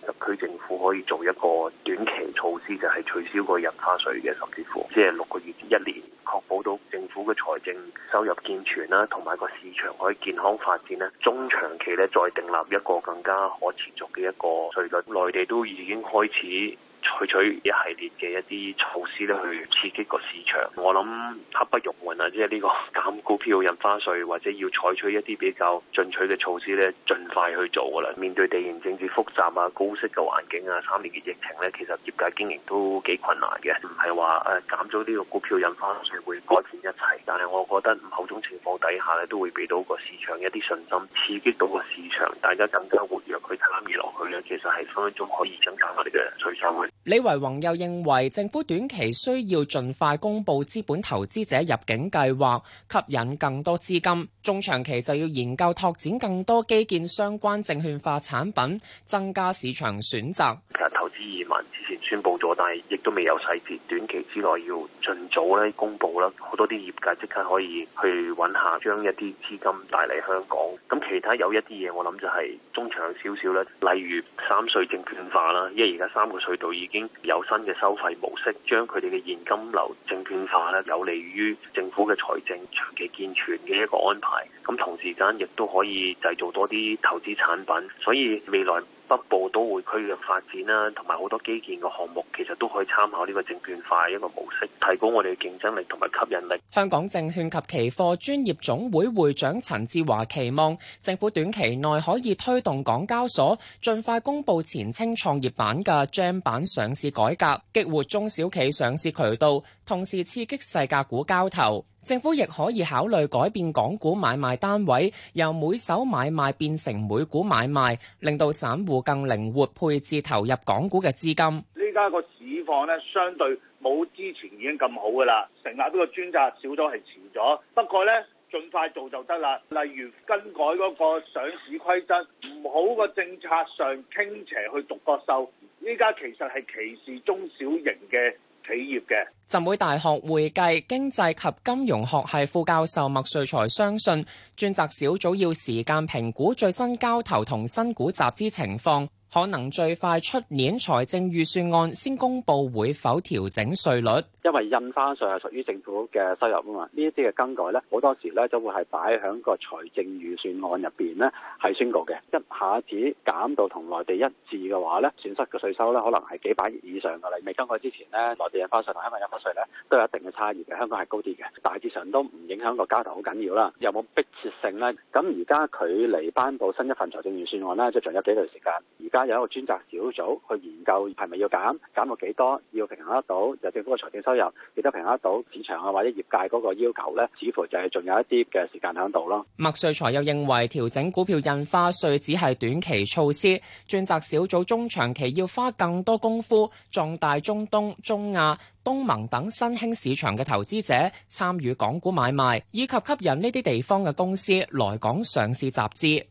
S19: 特區政府可以做一個短期措施，就係，是，取消個印花稅嘅，甚至乎即係六個月至一年，確保到政府嘅財政收入健全啦，同埋個市場可以健康發展咧。中長期咧，再訂立一個更加可持續嘅一個稅率。內地都已經開始。採取，取一系列嘅一啲措施咧，去刺激個市場，我諗刻不容緩啊！即係呢個減股票印花稅，或者要採取一啲比較進取嘅措施咧，盡快去做噶啦。面對地緣政治複雜啊、高息嘅環境啊、三年嘅疫情咧，其實業界經營都幾困難嘅。唔係話誒減咗呢個股票印花稅會改善一切，但係我覺得某種情況底下咧，都會俾到個市場一啲信心，刺激到個市場，大家更加活躍，去參與落去咧。其實係分分鐘可以增加我哋
S20: 嘅需求李維宏又認為政府短期需要盡快公布資本投資者入境計劃，吸引更多資金，中長期就要研究拓展更多基建相關證券化產品，增加市場選擇。其實投
S19: 資移民之前宣布咗，但係亦都未有細節。短期之內要盡早咧公布啦，好多啲業界即刻可以去揾下，將一啲資金帶嚟香港。咁其他有一啲嘢，我諗就係中長少少啦，例如三隧證券化啦，因為而家三個隧道。已經有新嘅收費模式，將佢哋嘅現金流證券化咧，有利於政府嘅財政長期健全嘅一個安排。咁同時間亦都可以製造多啲投資產品，所以未來。北部都會區嘅發展啦，同埋好多基建嘅項目，其實都可以參考呢個證券化一個模式，提高我哋嘅競爭力同埋
S20: 吸引力。香港證券及期貨專業總會會長陳志華期望政府短期內可以推動港交所盡快公布前稱創業板嘅 GEM 板上市改革，激活中小企上市渠道。同時刺激世界股交投，政府亦可以考慮改變港股買賣單位，由每手買賣變成每股買賣，令到散戶更靈活配置投入港股嘅資金。
S19: 呢家個市況咧，相對冇之前已經咁好㗎喇，成立呢個專責少咗係遲咗，不過咧，盡快做就得啦。例如更改嗰個上市規則，唔好個政策上傾斜去獨角獸。依家其實係歧視中小型嘅。企業
S20: 嘅。浸會大學會計經濟及金融學系副教授麥瑞才相信，專責小組要時間評估最新交投同新股集資情況。可能最快出年財政預算案先公布會否調整稅率，
S6: 因為印花稅係屬於政府嘅收入啊嘛。呢一啲嘅更改咧，好多時咧就會係擺響個財政預算案入邊咧係宣告嘅。一下子減到同內地一致嘅話咧，損失嘅稅收咧可能係幾百億以上㗎啦。未更改之前咧，內地印花稅同香港印花稅咧都有一定嘅差異嘅，香港係高啲嘅，大致上都唔影響個家頭好緊要啦。有冇迫切性咧？咁而家距離頒布新一份財政預算案咧，即仲有幾段時間，而家。有一個專責小組去研究係咪要減，減到幾多，要平衡得到由政府嘅財政收入，亦都平衡得到市場啊或者業界嗰個要求咧，似乎就係仲有一啲嘅時間響度咯。
S20: 麥瑞才又認為調整股票印花稅只係短期措施，專責小組中長期要花更多功夫，壯大中東、中亞、東盟等新興市場嘅投資者參與港股買賣，以及吸引呢啲地方嘅公司來港上市集資。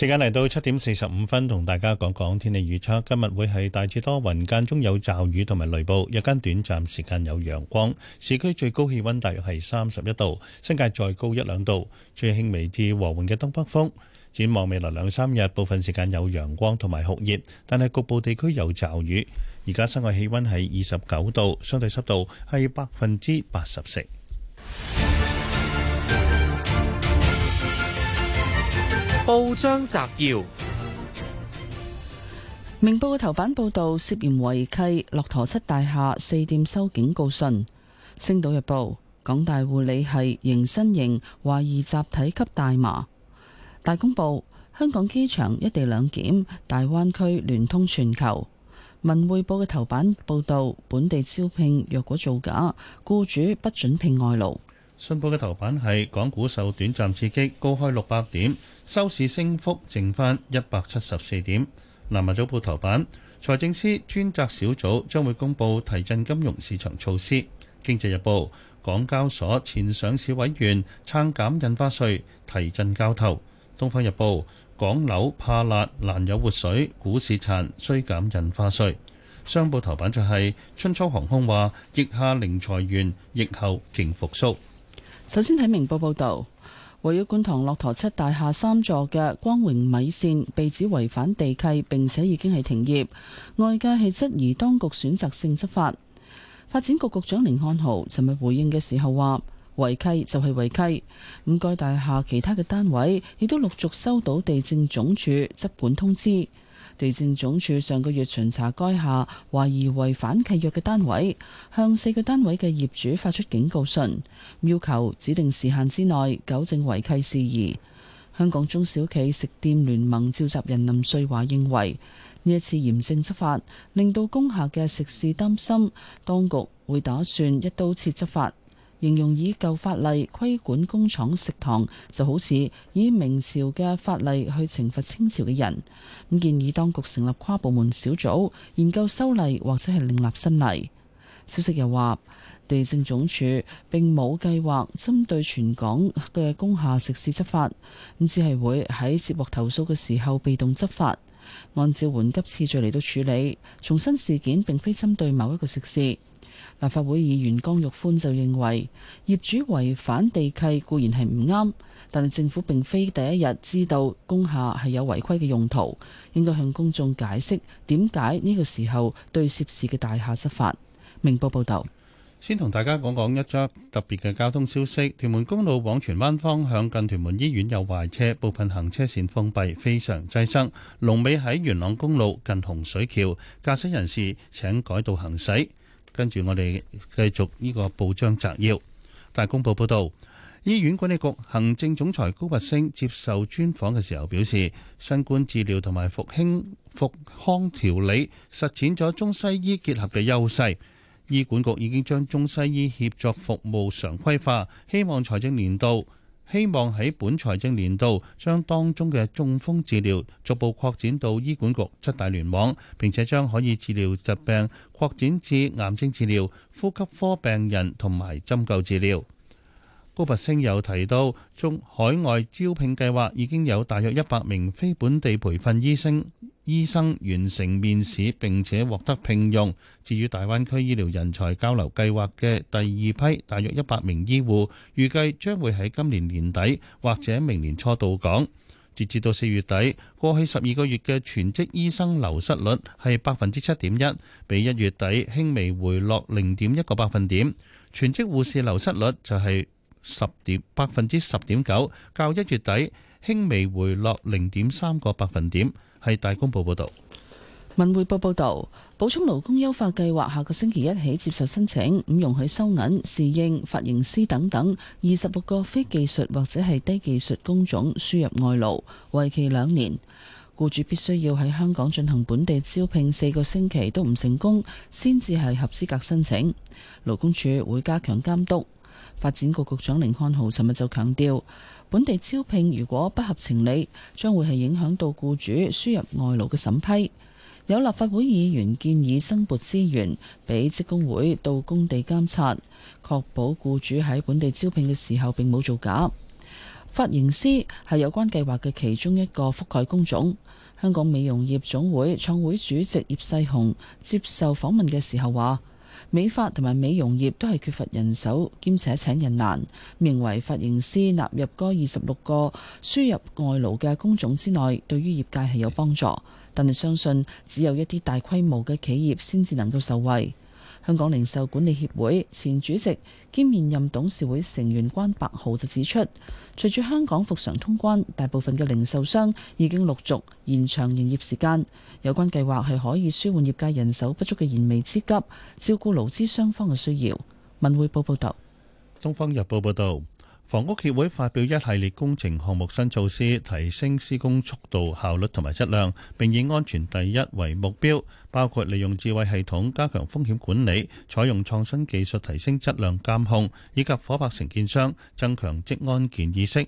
S4: 時間嚟到七點四十五分，同大家講講天氣預測。今日會係大致多雲間中有驟雨同埋雷暴，日間短暫時間有陽光。市區最高氣温大約係三十一度，新界再高一兩度。吹輕微至和緩嘅東北風。展望未來兩三日，部分時間有陽光同埋酷熱，但係局部地區有驟雨。而家室外氣温係二十九度，相對濕度係百分之八十四。報章摘要：
S3: 明報嘅頭版報道涉嫌違契，駱駝漆大廈四店收警告信。星島日報：港大護理係迎新營懷疑集體吸大麻。大公報：香港機場一地兩檢，大灣區聯通全球。文匯報嘅頭版報道本地招聘若果造假，雇主不准聘外勞。
S4: 信報嘅頭版係港股受短暫刺激，高開六百點，收市升幅剩返一百七十四點。南華早報頭版，財政司專責小組將會公佈提振金融市場措施。經濟日報，港交所前上市委員撐減印花稅，提振交投。東方日報，港樓怕辣難有活水，股市殘需減印花稅。商報頭版就係春秋航空話，疫下零裁員，疫後勁復甦。
S3: 首先睇明報報道，位於觀塘駱駝漆大廈三座嘅光榮米線被指違反地契，並且已經係停業。外界係質疑當局選擇性執法。發展局局長甯漢豪尋日回應嘅時候話，違契就係違契。該大廈其他嘅單位亦都陸續收到地政總署執管通知。地政總署上個月巡查該下懷疑違反契約嘅單位，向四個單位嘅業主發出警告信，要求指定時限之內糾正違契事宜。香港中小企食店聯盟召集人林瑞華認為，呢一次嚴正執法令到工廈嘅食肆擔心當局會打算一刀切執法。形容以舊法例規管工廠食堂就好似以明朝嘅法例去懲罰清朝嘅人，咁建議當局成立跨部門小組研究修例或者係另立新例。消息又話，地政總署並冇計劃針對全港嘅工廈食肆執法，咁只係會喺接獲投訴嘅時候被動執法，按照緩急次序嚟到處理。重申事件並非針對某一個食肆。立法會議員江玉歡就認為，業主違反地契固然係唔啱，但係政府並非第一日知道工廈係有違規嘅用途，應該向公眾解釋點解呢個時候對涉事嘅大廈執法。明報報道，
S4: 先同大家講講一則特別嘅交通消息：屯門公路往荃灣方向近屯門醫院有壞車，部分行車線封閉，非常擠塞。龍尾喺元朗公路近洪水橋，駕駛人士請改道行駛。跟住我哋繼續呢個報章摘要。大公報報導，醫院管理局行政總裁高拔陞接受專訪嘅時候表示，新冠治療同埋復興復康調理實踐咗中西醫結合嘅優勢。醫管局已經將中西醫協作服務常規化，希望財政年度。希望喺本財政年度將當中嘅中風治療逐步擴展到醫管局七大聯網，並且將可以治療疾病擴展至癌症治療、呼吸科病人同埋針灸治療。高拔陞有提到，從海外招聘計劃已經有大約一百名非本地培訓醫生。醫生完成面試並且獲得聘用，至於大灣區醫療人才交流計劃嘅第二批，大約一百名醫護，預計將會喺今年年底或者明年初到港。截至到四月底，過去十二個月嘅全職醫生流失率係百分之七點一，比一月底輕微回落零點一個百分點。全職護士流失率就係十點百分之十點九，較一月底輕微回落零點三個百分點。係大公報報道、
S3: 文匯報報道，補充勞工優化計劃下個星期一起接受申請，唔容許收銀、侍應、髮型師等等二十六個非技術或者係低技術工種輸入外勞，為期兩年。僱主必須要喺香港進行本地招聘四個星期都唔成功，先至係合資格申請。勞工處會加強監督。發展局局長甯漢豪尋日就強調。本地招聘如果不合情理，將會係影響到僱主輸入外勞嘅審批。有立法會議員建議增撥資源俾職工會到工地監察，確保僱主喺本地招聘嘅時候並冇造假。髮型師係有關計劃嘅其中一個覆蓋工種。香港美容業總會創會主席葉世雄接受訪問嘅時候話。美髮同埋美容業都係缺乏人手，兼且請人難。認為髮型師納入嗰二十六個輸入外勞嘅工種之內，對於業界係有幫助。但係相信只有一啲大規模嘅企業先至能夠受惠。香港零售管理協會前主席，兼現任董事會成員關百豪就指出，隨住香港復常通關，大部分嘅零售商已經陸續延長營業時間。有關計劃係可以舒緩業界人手不足嘅燃眉之急，照顧勞資雙方嘅需要。文匯報報道，
S4: 東方日報報道。房屋協會發表一系列工程項目新措施，提升施工速度、效率同埋質量。並以安全第一為目標，包括利用智慧系統加強風險管理，採用創新技術提升質量監控，以及夥拍承建商增強職安健意識，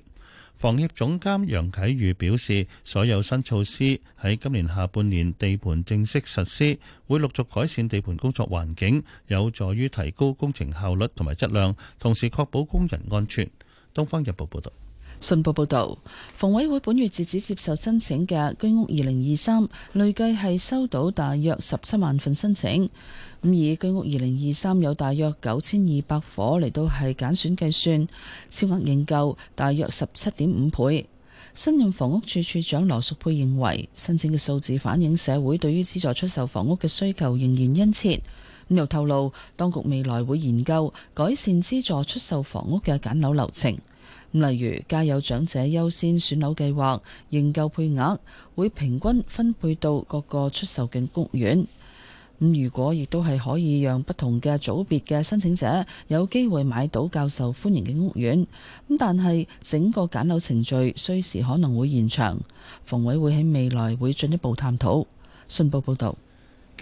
S4: 房協總監楊啟宇表示，所有新措施喺今年下半年地盤正式實施，會陸續改善地盤工作環境，有助於提高工程效率同埋質量，同時確保工人安全。《東方日報，報道》報導，
S3: 信報報導，房委會本月截止接受申請嘅居屋二零二三，累計係收到大約十七萬份申請。咁而居屋二零二三有大約九千二百伙嚟到係簡選計算，超額認購大約十七點五倍。新任房屋處處長羅淑佩認為，申請嘅數字反映社會對於資助出售房屋嘅需求仍然殷切。又透露，當局未來會研究改善資助出售房屋嘅揀樓流程，例如家有長者優先選樓計劃，認購配額會平均分配到各個出售嘅屋苑。如果亦都係可以讓不同嘅組別嘅申請者有機會買到較受歡迎嘅屋苑，但係整個揀樓程序需時可能會延長，房委會喺未來會進一步探討。信報報道。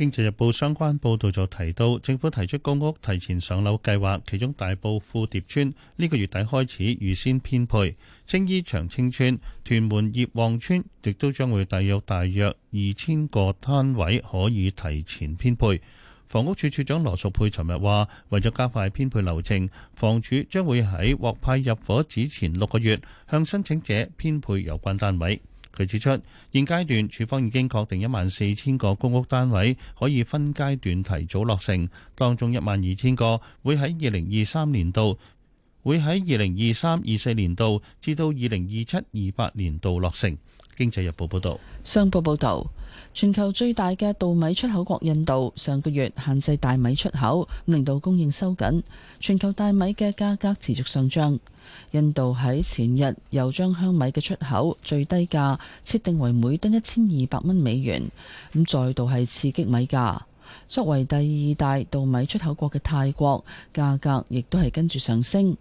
S4: 經濟日報相關報導就提到，政府提出公屋提前上樓計劃，其中大埔富蝶村呢個月底開始預先編配，青衣長青村、屯門葉旺村亦都將會大約大約二千個單位可以提前編配。房屋署署長羅淑佩尋日話，為咗加快編配流程，房署將會喺獲派入伙之前六個月向申請者編配有關單位。佢指出，現階段署方已經確定一萬四千個公屋單位可以分階段提早落成，當中一萬二千個會喺二零二三年度，會喺二零二三二四年度至到二零二七二八年度落成。經濟日報報道。
S3: 商報報道。全球最大嘅稻米出口國印度上個月限制大米出口，令到供應收緊，全球大米嘅價格持續上漲。印度喺前日又將香米嘅出口最低價設定為每噸一千二百蚊美元，咁再度係刺激米價。作為第二大稻米出口國嘅泰國，價格亦都係跟住上升。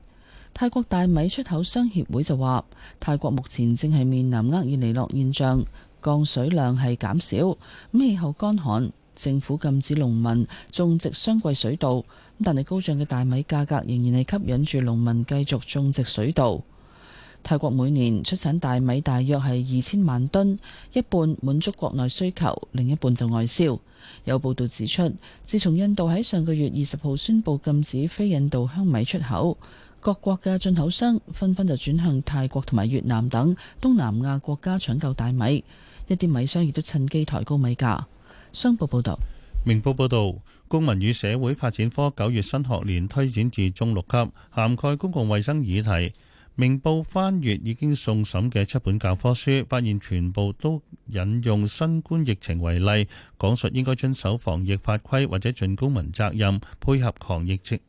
S3: 泰國大米出口商協會就話，泰國目前正係面臨厄爾尼諾現象。降水量係減少咁，氣候乾旱，政府禁止農民種植雙季水稻。但係高漲嘅大米價格仍然係吸引住農民繼續種植水稻。泰國每年出產大米大約係二千萬噸，一半滿足國內需求，另一半就外銷。有報導指出，自從印度喺上個月二十號宣布禁止非印度香米出口，各國嘅進口商紛紛就轉向泰國同埋越南等東南亞國家搶購大米。一啲米商亦都趁機抬高米價。商報報道：
S4: 明報報道，公民與社會發展科九月新學年推展至中六級，涵蓋公共衛生議題。明報翻閲已經送審嘅七本教科書，發現全部都引用新冠疫情為例，講述應該遵守防疫法規或者盡公民責任，配合抗疫情。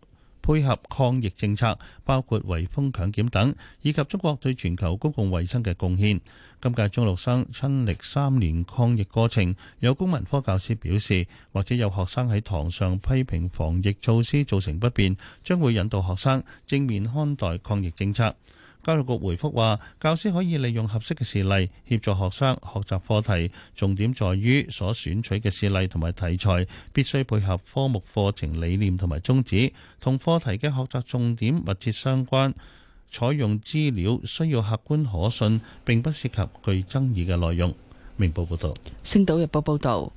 S4: 配合抗疫政策，包括圍封、強檢等，以及中國對全球公共衛生嘅貢獻。今屆中六生親歷三年抗疫過程，有公民科教師表示，或者有學生喺堂上批評防疫措施造成不便，將會引導學生正面看待抗疫政策。教育局回复話，教師可以利用合適嘅事例協助學生學習課題，重點在於所選取嘅事例同埋題材必須配合科目課程理念同埋宗旨，同課題嘅學習重點密切相關。採用資料需要客觀可信，並不涉及具爭議嘅內容。明報報道。
S3: 星島日報報道。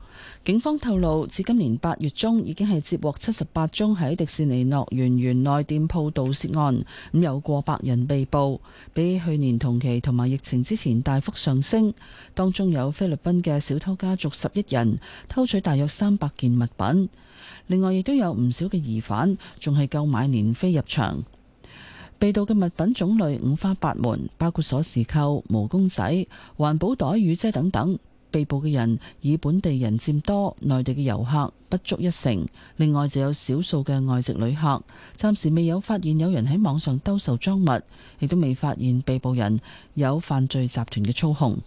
S3: 警方透露，至今年八月中已經係接獲七十八宗喺迪士尼樂園園內店鋪盜竊案，咁有過百人被捕，比去年同期同埋疫情之前大幅上升。當中有菲律賓嘅小偷家族十一人，偷取大約三百件物品。另外亦都有唔少嘅疑犯，仲係購買年飛入場。被盜嘅物品種類五花八門，包括鎖匙扣、毛公仔、環保袋、雨遮等等。被捕嘅人以本地人佔多，內地嘅遊客不足一成，另外就有少數嘅外籍旅客。暫時未有發現有人喺網上兜售贓物，亦都未發現被捕人有犯罪集團嘅操控。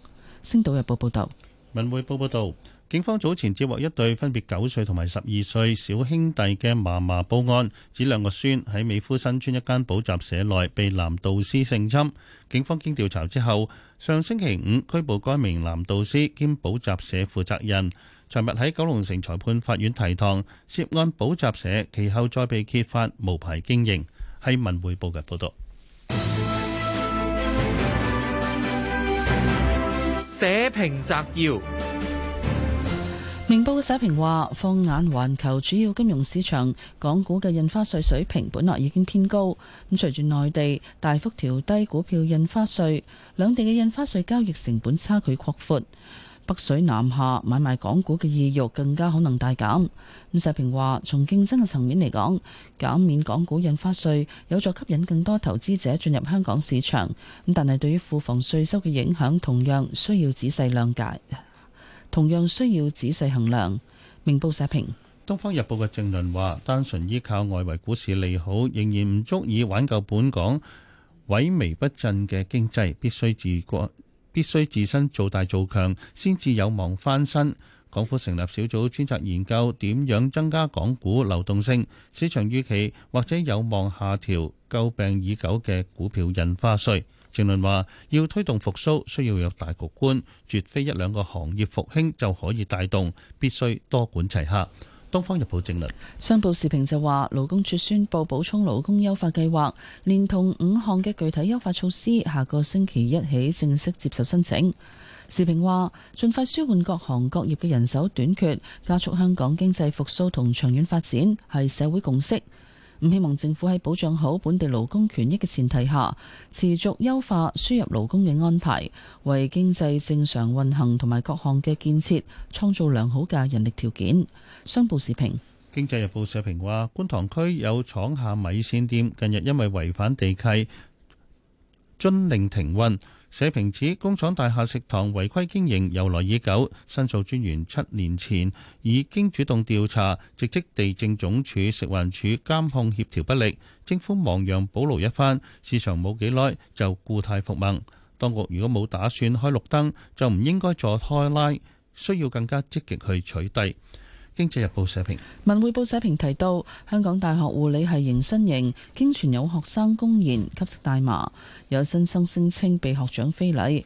S3: 星島日報報道。
S4: 文匯報報導。警方早前接獲一對分別九歲同埋十二歲小兄弟嘅嫲嫲報案，指兩個孫喺美孚新村一間補習社內被男導師性侵。警方經調查之後，上星期五拘捕該名男導師兼補習社負責人。尋日喺九龍城裁判法院提堂，涉案補習社其後再被揭發無牌經營。係文匯報嘅報道。
S3: 社評摘要。明報社評話：放眼環球主要金融市場，港股嘅印花稅水平本來已經偏高。咁隨住內地大幅調低股票印花稅，兩地嘅印花稅交易成本差距擴闊，北水南下買賣港股嘅意欲更加可能大減。咁社評話：從競爭嘅層面嚟講，減免港股印花稅有助吸引更多投資者進入香港市場。咁但係對於庫房稅收嘅影響，同樣需要仔細瞭解。同樣需要仔細衡量。明報社評。
S4: 《東方日報》嘅政論話：單純依靠外圍股市利好，仍然唔足以挽救本港萎靡不振嘅經濟，必須自國必須自身做大做強，先至有望翻身。港府成立小組專責研究點樣增加港股流動性，市場預期或者有望下調詬病已久嘅股票印花稅。政論話，要推動復蘇，需要有大局觀，絕非一兩個行業復興就可以帶動，必須多管齊下。東方日報政論，
S3: 商報時評就話，勞工處宣布補充勞工優化計劃，連同五項嘅具體優化措施，下個星期一起正式接受申請。時評話，盡快舒緩各行各業嘅人手短缺，加速香港經濟復蘇同長遠發展，係社會共識。唔希望政府喺保障好本地勞工權益嘅前提下，持續優化輸入勞工嘅安排，為經濟正常運行同埋各項嘅建設創造良好嘅人力條件。商報時評，
S4: 經濟日報社評話，觀塘區有廠下米線店，近日因為違反地契，遵令停運。社評指工廠大廈食堂違規經營由來已久，申訴專員七年前已經主動調查，直擊地政總署食環署監控協調不力，政府亡羊補牢一番，市場冇幾耐就故態復萌。當局如果冇打算開綠燈，就唔應該再拖拉，需要更加積極去取締。《經濟日報》社評，
S3: 文匯報社評提到，香港大學護理系迎新營經傳有學生公然吸食大麻，有新生聲稱被學長非禮。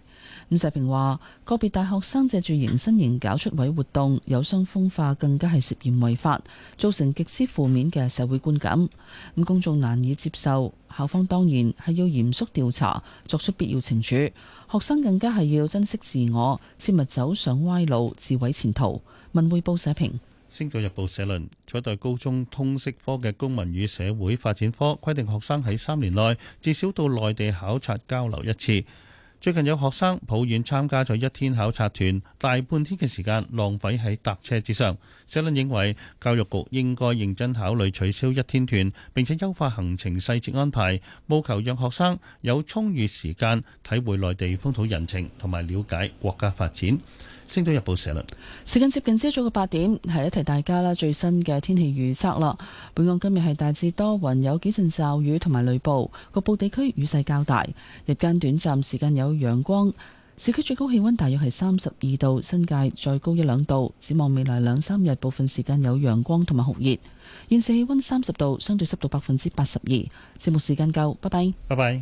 S3: 咁社評話，個別大學生借住迎新營搞出位活動，有傷風化，更加係涉嫌違法，造成極之負面嘅社會觀感。咁公眾難以接受，校方當然係要嚴肅調查，作出必要懲處。學生更加係要珍惜自我，切勿走上歪路，自毀前途。文匯報社評。
S4: 《星島日報》社論：取代高中通識科嘅公民與社會發展科規定，學生喺三年內至少到內地考察交流一次。最近有學生抱怨參加咗一天考察團，大半天嘅時間浪費喺搭車之上。社論認為教育局應該認真考慮取消一天團，並且優化行程細節安排，務求讓學生有充裕時間體會內地風土人情同埋了解國家發展。星島日報社論，
S3: 時間接近朝早嘅八點，係一提大家啦，最新嘅天氣預測啦。本港今日係大致多雲，雲有幾陣驟雨同埋雷暴，局部地區雨勢較大。日間短暫時間有陽光，市區最高氣溫大約係三十二度，新界再高一兩度。展望未來兩三日，部分時間有陽光同埋酷熱。現時氣溫三十度，相對濕度百分之八十二。節目時間夠，拜拜。拜拜。